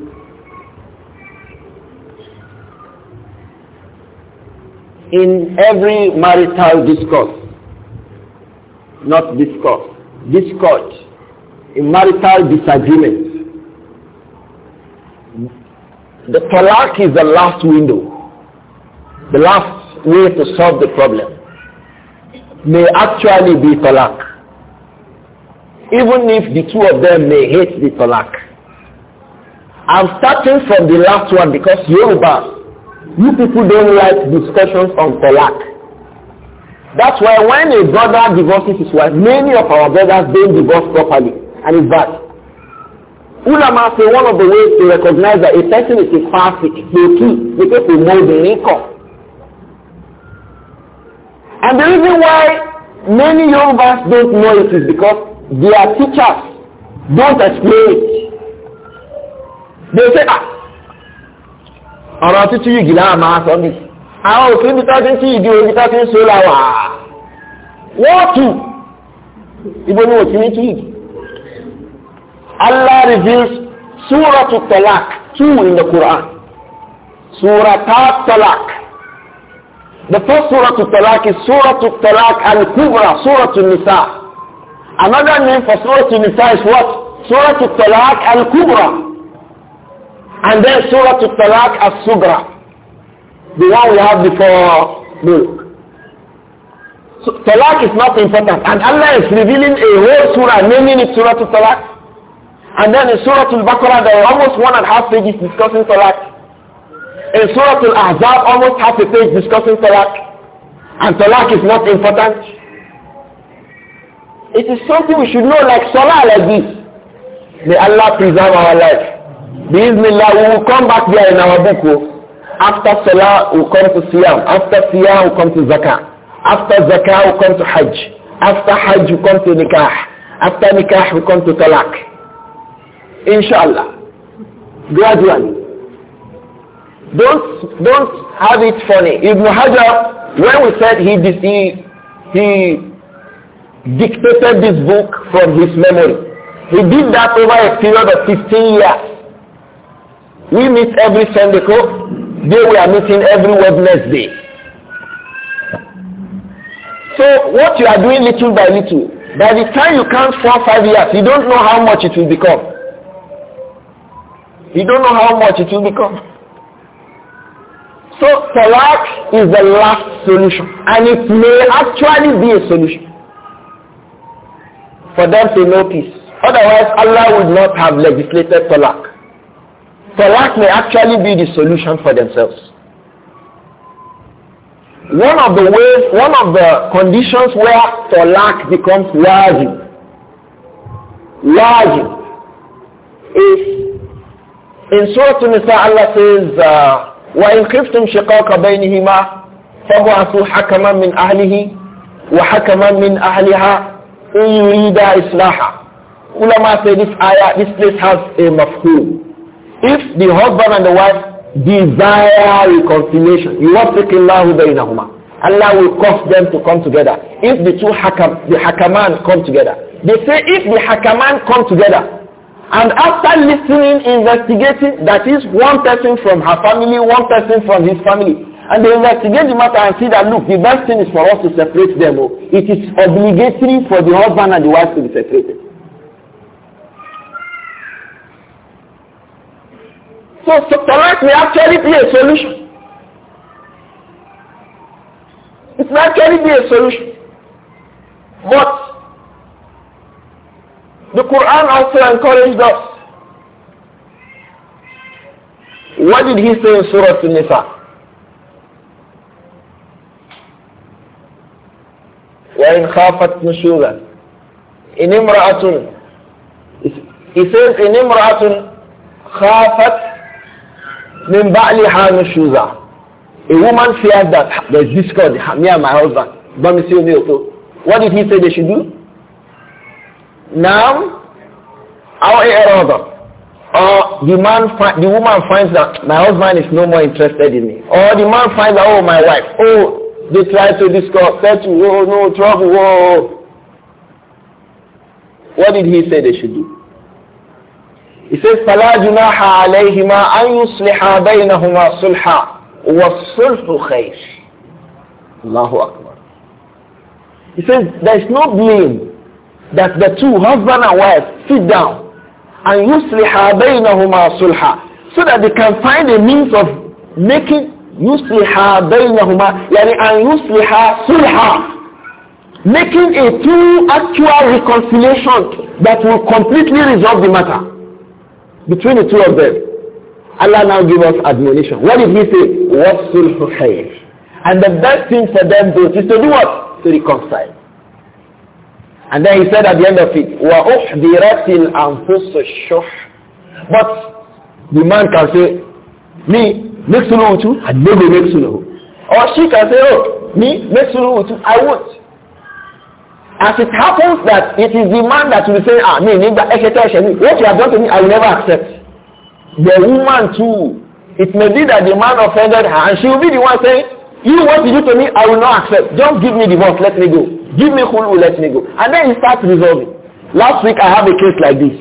in every marital discourse not discourse discord In marital disagreement the talak is the last window the last way to solve the problem may actually be talak even if the two of them may hate the talak. I'm starting from the last one because Yoruba, you people don't like discussions on talak. That's why when a brother divorces his wife, many of our brothers don't divorce properly, and it's bad. Ulama say one of the ways to recognize that a person is a fasik, they keep, because they know the income. And the reason why many Yorubas don't know it is because their teachers don't explain they say ah ọ̀rọ̀ títí yìí láà máa sọ mi àwọn òfin bí tọ́jú tí ìdí orí tọ́jú ń so láwà wọ́n tù ibo ni òfin tí yìí Allah reveals Surah to Talak two in the Quran Surah Ta the first Surah to Talak is Surah to Talak and Kubra Surah to Nisa Another name for Surah to is what? Surah to Talaq al-Kubra. And then Surah to Talaq al-Sugra. The one we have before Mulk. So, talaq is not important. And Allah is revealing a whole surah, naming it Surah to Talaq. And then in Surah Al-Baqarah, there are almost one and a half pages discussing Talaq. In Surah Al-Ahzab, almost half a page discussing Talaq. And Talaq is not important. It is something we should know like Salah like this. May Allah preserve our life. Bismillah, we will come back there in our book. Oh. After Salah, we will come to Siyam. After Siyam, we will come to Zakah. After Zakah, we will come to Hajj. After Hajj, we will come to Nikah. After Nikah, we will come to Talak. Inshallah. Gradually. Don't, don't have it funny. Ibn Hajar, when we said he, he, he dictated this book from his memory. He did that over a period of 15 years. We meet every Sunday, club. They were meeting every Wednesday. So what you are doing little by little, by the time you count four, five years, you don't know how much it will become. You don't know how much it will become. So talaq is the last solution. And it may actually be a solution for them to know peace. Otherwise, Allah would not have legislated For lack may actually be the solution for themselves. One of the ways, one of the conditions where lack becomes wajib, wajib, is in Surah Nisa Allah says, uh, وإن خفتم شقاق بينهما فابعثوا حكما من أهله وحكما من أهلها in yurida islaha. Ulama say this ayah, this place has a mafhum. If the husband and the wife desire reconciliation, yuwafiq Allahu bainahuma. Allah will cause them to come together. If the two hakam, the hakaman come together. They say if the hakaman come together, and after listening, investigating, that is one person from her family, one person from his family, and they investigate the matter and see that, look, the best thing is for us to separate them. Oh. It is obligatory for the husband and the wife to be separated. So, so talak may actually be a solution. It may actually be a solution. But the Quran also encouraged us. What did he say in Surah An-Nisa? وإن خافت نشوزا إن امرأة he says إن امرأة خافت من بعلها نشوزا a woman feared that there is discord me and my husband but me say me what did he say they should do now our error or the man the woman finds that my husband is no more interested in me or the man finds that oh my wife oh they try to discuss, settle, oh no, trouble, oh. What did he say they should do? He says, فَلَا جُنَاحَ عَلَيْهِمَا أَنْ يُصْلِحَا بَيْنَهُمَا صُلْحًا وَالصُّلْحُ خَيْرٌ Allahu Akbar. He says, there is no blame that the two, husband and wife, sit down and يُصْلِحَا بَيْنَهُمَا صُلْحًا so that they can find a means of making يصلح بينهما يعني أن يصلح صلحا making a true actual reconciliation that will completely resolve the matter between the two of them Allah now give us admonition what did he say What he خَيْرٍ and the best thing for them both is to do what? to reconcile and then he said at the end of it وَأُحْضِرَتِ الْأَنفُسُ الشُّحْ but the man can say me make know with you and never make to know. or she can say oh me make know with you i won't as it happens that it is the man that will say ah me need ẹsẹ tẹ what you have done to me i will never accept the woman too it may be that the man offended her and she will be the one saying you what you do to me i will not accept just give me the divorce let me go give me kulu let me go and then he start resolving last week i have a case like this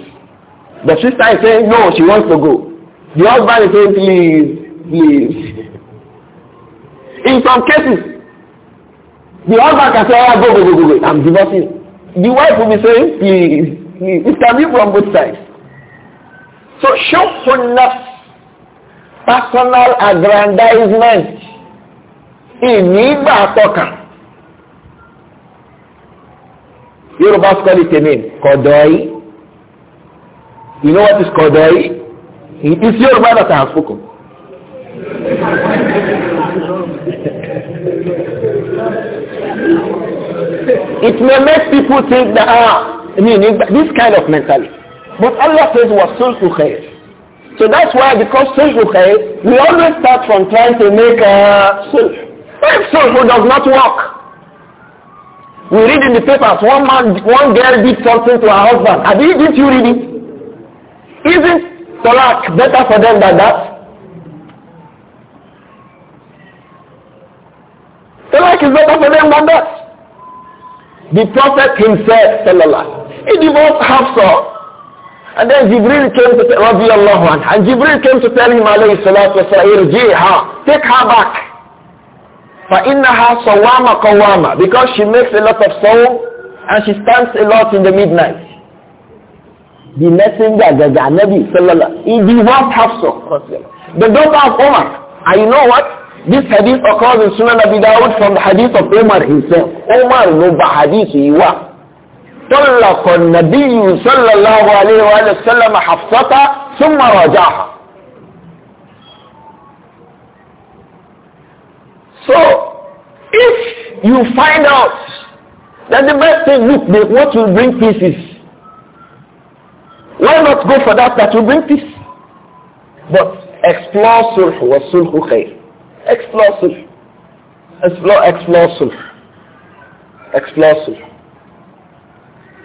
the sister is saying no she wants to go the husband is saying please slaves. In some cases, the husband can say, oh, go, go, go, go, go, I'm divorcing. The wife will be saying, please, please. It can be from both sides. So, show nafs, personal aggrandizement, ìnígbà àtọkàn. Yorùbá scholars tell me, kọ̀dọ̀ọ́yì. You know what is kọ̀dọ̀ọ́yì? It's Yorùbá that I have spoken. it may make people think that, ah, I mean, this kind of mentality. But Allah says, وَصُلْتُ خَيْرٍ so that's why because sulh khair, we always start from trying to make a uh, sulh. If sulh does not work, we read in the papers one man, one girl did something to her husband. Have you, did you read it? Isn't talak better for them than that? The like is better for them than that. The Prophet himself, sallallahu he divorced Hafsah. And then Jibril came to tell radiallahu anhu, and Jibril came to tell him alayhi salatu wasalam, take her back. فَإِنَّهَا صَوَامَ قَوَامَ Because she makes a lot of soul and she stands a lot in the midnight. The messenger, the, the Nabi sallallahu he divorced Hafsah. The daughter of Omar. And you know what? This hadith occurs in Sunan Abi Dawud from the hadith of Umar himself. Umar "Omar, no hadith he was. طلق النبي صلى الله عليه وآله وسلم حفصة ثم راجعها. So, if you find out that the best thing, look, what will bring peace is, why not go for that that will bring peace? But explore sulh wa sulh khayr. Explosive. Explo explosive. Explosive.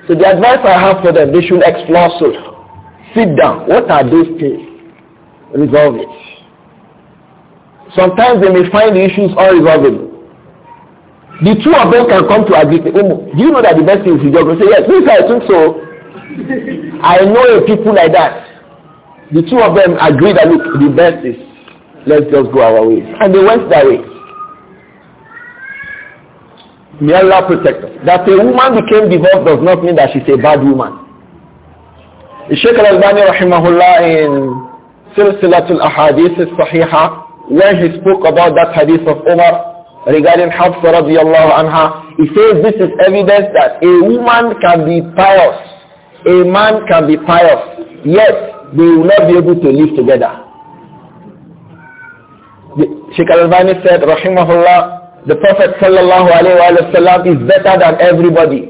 So the advice I have for them, they should explosive. Sit down. What are those things? Resolve it. Sometimes they may find the issues unresolvable. The two of them can come to agreement. Do you know that the best thing is to just say, yes, this I think so. I know a people like that. The two of them agree that look, the best is Let's just go our ways. And they went their ways. May Allah protect us. That a woman became divorced does not mean that she's a bad woman. Sheikh al-Albani rahimahullah in Silsilatul Ahadith al-Sahiha when he spoke about that hadith of Umar regarding Hafsa radiyallahu anha, he says this is evidence that a woman can be pious, a man can be pious, yet they will not be able to live together. Sheikh Al-Albani said, Rahimahullah, the Prophet sallallahu alayhi wa is better than everybody.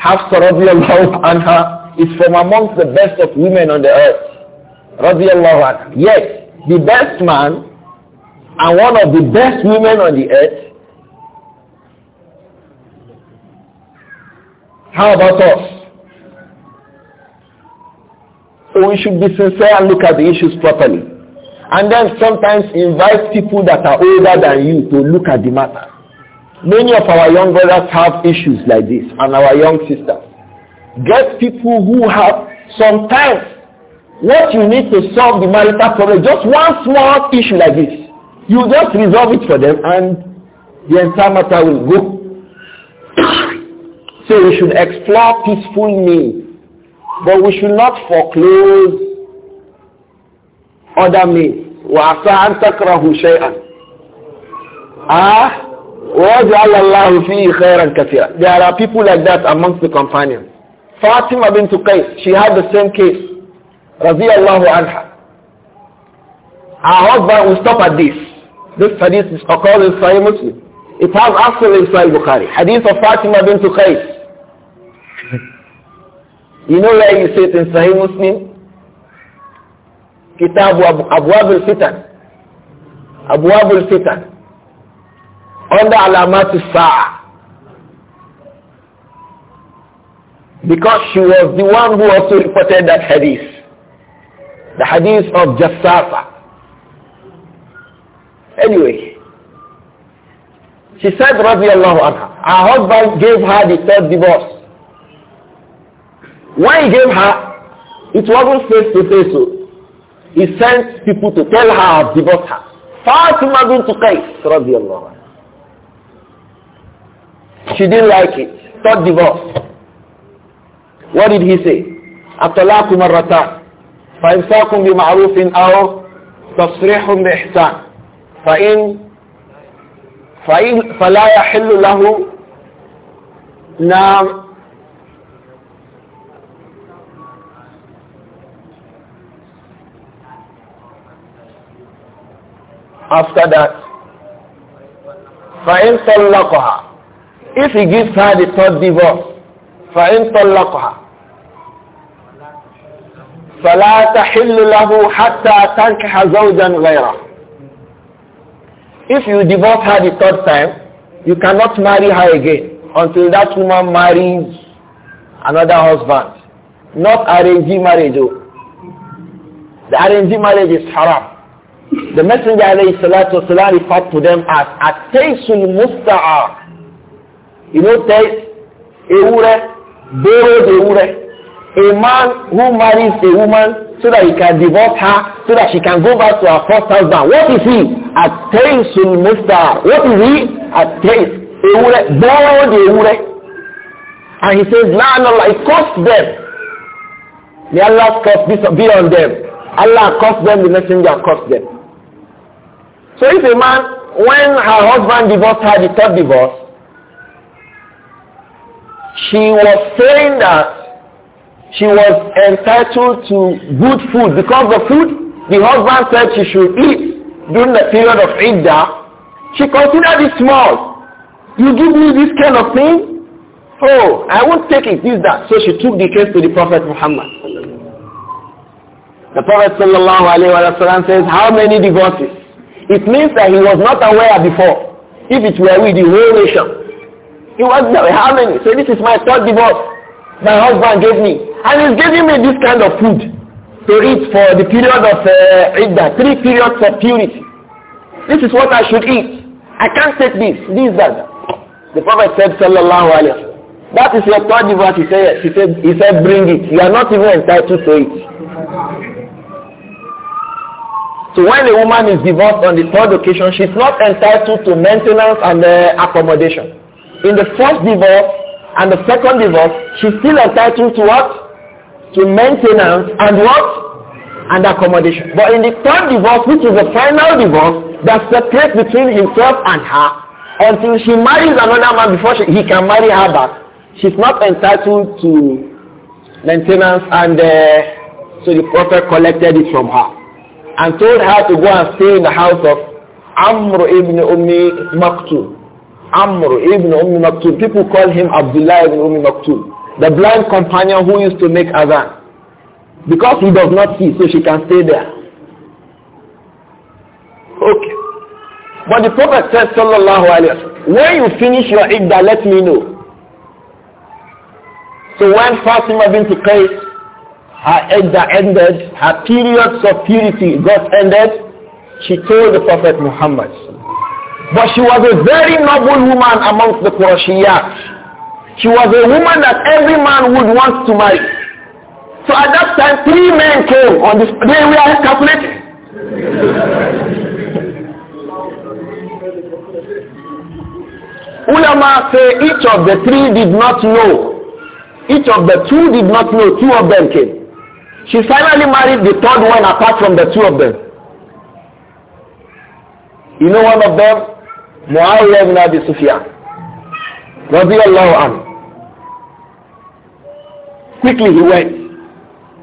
Hafsa radiallahu anha is from amongst the best of women on the earth. Radiallahu anha. Yes, the best man and one of the best women on the earth. How about us? So we should be sincere and look at the issues properly and then sometimes invite people that are older than you to look at the matter. Many of our young brothers have issues like this and our young sisters. Get people who have sometimes what you need to solve the marital problem, just one small issue like this. You just resolve it for them and the entire matter will go. <coughs> so we should explore peaceful means, but we should not foreclose ادمي وعسى أن تكرهوا شيئا اه وَجَعَلَ اللَّهُ فِيهِ خَيْرًا كَثِيرًا There are people like that amongst the companions. Fatima bint Qais, she had the same case. رضي الله عنها. Our husband will stop at this. This hadith is called in Sahih Muslim. It has also in Sahih Bukhari. Hadith of Fatima bint Qais. You know where you see it in Sahih Muslim? kitabu abwabul fitan abwabul fitan under alamati sa'a because she was the one who also reported that hadith the hadith of Jassafa anyway she said radiyallahu anha her husband gave her the third divorce when he gave her it wasn't face to face so oh. he sent people to tell her of divorce her. Fatima bin Tukais, Allah. She didn't like it. Thought divorce. What did he say? Atalaku marata. Fa'in sa'kum bi ma'rufin aw tasrihum bi ihsan. Fa'in fa'in fa la yahillu lahu na after that, فَإِنْ طَلَّقَهَا If he gives her the third divorce, فَإِنْ طَلَّقَهَا فَلَا تَحِلُّ لَهُ حَتَّى تَنْكِحَ زَوْجًا غَيْرَهُ If you divorce her the third time, you cannot marry her again until that woman marries another husband. Not arranged marriage. Oh. The arranged marriage is haram. The Messenger alayhi salatu wasalam referred to them as Ataysul Musta'a. You know, Tays, Ewure, borrowed Ewure. A man who marries a woman so that he can divorce her, so that she can go back to her first husband. What is he? Ataysul Musta'a. What is he? Atays, Ewure, borrowed Ewure. And he says, La no, it cost them. May Allah cost be on them. Allah cost them, the messenger cost them. So if a man, when her husband divorced her, the third divorce, she was saying that she was entitled to good food because the food the husband said she should eat during the period of ida, she considered it small. You give me this kind of thing? Oh, I won't take it, this, that. So she took the case to the Prophet Muhammad. The Prophet sallallahu alayhi wasallam says, how many divorces? It means that he was not aware before. If it were with the whole nation. He was there. How many? So this is my third divorce. My husband gave me. And he's giving me this kind of food to eat for the period of uh, Idda. Three periods of purity. This is what I should eat. I can't take this. This, that. The Prophet said, sallallahu alaihi wa That is your third divorce. He said, he said, he said, bring it. You are not even entitled to it. So when a woman is divorced on the third occasion, she's not entitled to maintenance and uh, accommodation. In the first divorce and the second divorce, she's still entitled to what? To maintenance and what? And accommodation. But in the third divorce, which is the final divorce, that place between himself and her, until she marries another man before she, he can marry her back, she's not entitled to maintenance and uh, so the prophet collected it from her and told her to go and stay in the house of Amr ibn Ummi Maktoum. Amr ibn Ummi Maktoum. People call him Abdullah ibn Ummi Maktoum. The blind companion who used to make Azan. Because he does not see, so she can stay there. Okay. But the Prophet said, Sallallahu Alaihi Wasallam, when you finish your iddah, let me know. So when Fatima to Qais her idda ended, her periods of purity got ended, she told the Prophet Muhammad. But she was a very noble woman amongst the Qurashiyat. She was a woman that every man would want to marry. So at that time, three men came on this day we are calculating. Ulama say each of the three did not know. Each of the two did not know. Two of them came. She finally married the third one apart from the two of them. You know one of them? Muawiyah ibn Abi Sufyan. Radiallahu anhu. Quickly he went.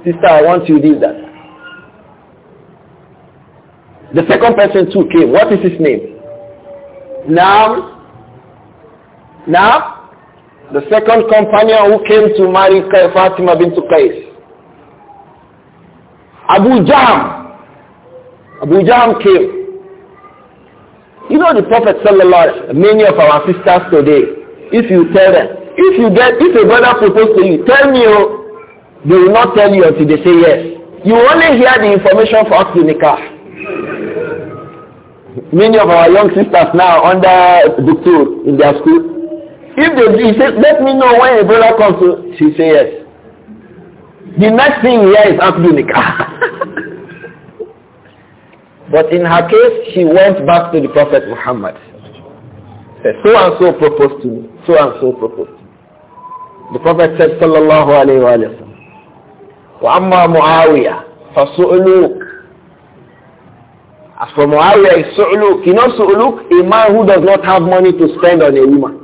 Sister, I want you do that. The second person too came. What is his name? Now, now, the second companion who came to marry Fatima bin Qais. Abu Jam. Abu Jam came. You know the Prophet sallallahu many of our sisters today, if you tell them, if you get, if a brother proposes to you, tell me, oh, they will not tell you until they say yes. You only hear the information for us to nikah. Many of our young sisters now under doctor in their school, if they, say, let me know when a brother comes to, she say yes. The next thing here is Abdu Nikah. <laughs> but in her case, she went back to the Prophet Muhammad. Said, so and so proposed to me. So and so proposed to me. The Prophet said, Sallallahu Alaihi Wasallam, وَأَمَّا Muawiyah fasu'uluk. As for Muawiyah, is su'uluk. You know su'uluk, A man who does not have money to spend on a woman.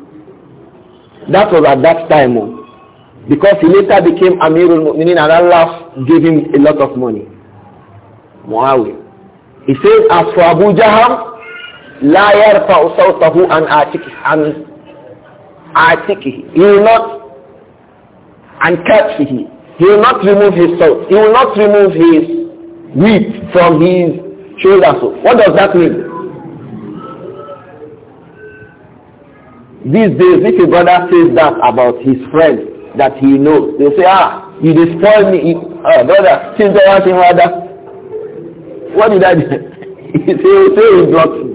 That was at that time. Oh. Because he later became Amirul Mu'minin and Allah gave him a lot of money. Muawiyah. He says, as for Abu Jaham, لا يرفع صوته عن عاتقه عن عاتقه. He will not, catch him. He will not remove his sword. He will not remove his whip from his shoulder. So what does that mean? These days, if a brother says that about his friend, that he knows. They say, ah, you destroyed me. Ah, brother, since I want him rather, what did I do? <laughs> he say, oh, say he blocked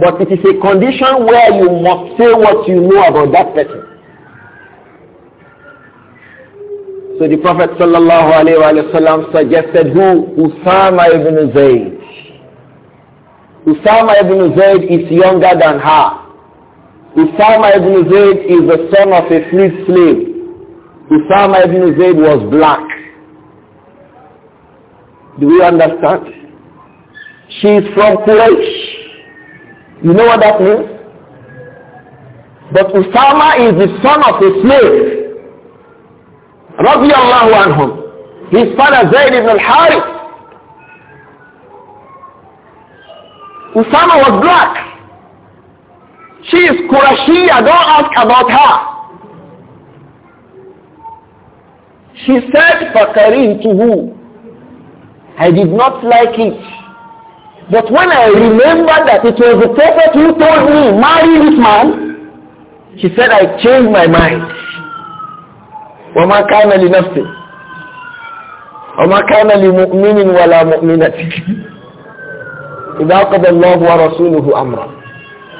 But it is a condition where you must say what you know about that person. So the Prophet sallallahu alayhi wa suggested who? Usama ibn Zayd. Usama ibn Zayd is younger than her. Usama ibn Zayd is the son of a free slave. Usama ibn Zayd was black. Do you understand? She is from Quraysh. You know what that means? But Usama is the son of a slave. Radiallahu anhum. His father Zayd ibn al-Harith. Usama was black. She is Qurashia. Don't ask about her. She said Fakarin to who? I did not like it. But when I remembered that it was the prophet who told me, marry this man, she said, I changed my mind. وَمَا كَانَ لِنَفْسِ وَمَا كَانَ لِمُؤْمِنٍ وَلَا مُؤْمِنَةٍ إِذَا قَضَى اللَّهُ وَرَسُولُهُ أَمْرًا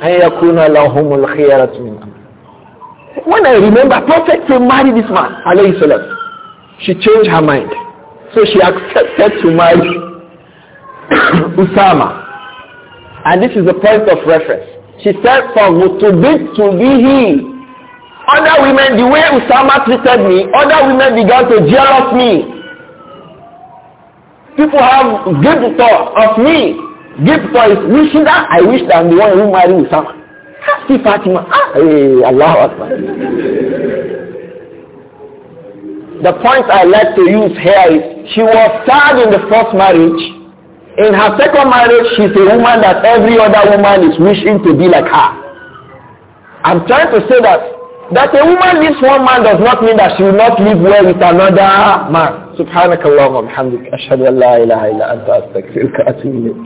أَنْ يَكُونَ لَهُمُ الْخِيَرَةُ مِنْ أَمْرٍ When I remember, prophet said, marry this man, alayhi salatu she changed her mind. So she accepted to marry <coughs> Usama. And this is the point of reference. She said, for Mutubit to be he. Other women, the way Usama treated me, other women began to jealous me. People have good thought of me. Good thought is wishing that I wish that I'm the one who married Usama. See Fatima. Ah, hey, eh, Allah Akbar. the point I like to use here is she was tired in the first marriage. In her second marriage, she's a woman that every other woman is wishing to be like her. I'm trying to say that that a woman leaves one man does not mean that she will not live well with another man. سبحانك اللهم وبحمدك أشهد أن ilaha illa Anta أنت أستغفرك وأتوب إليك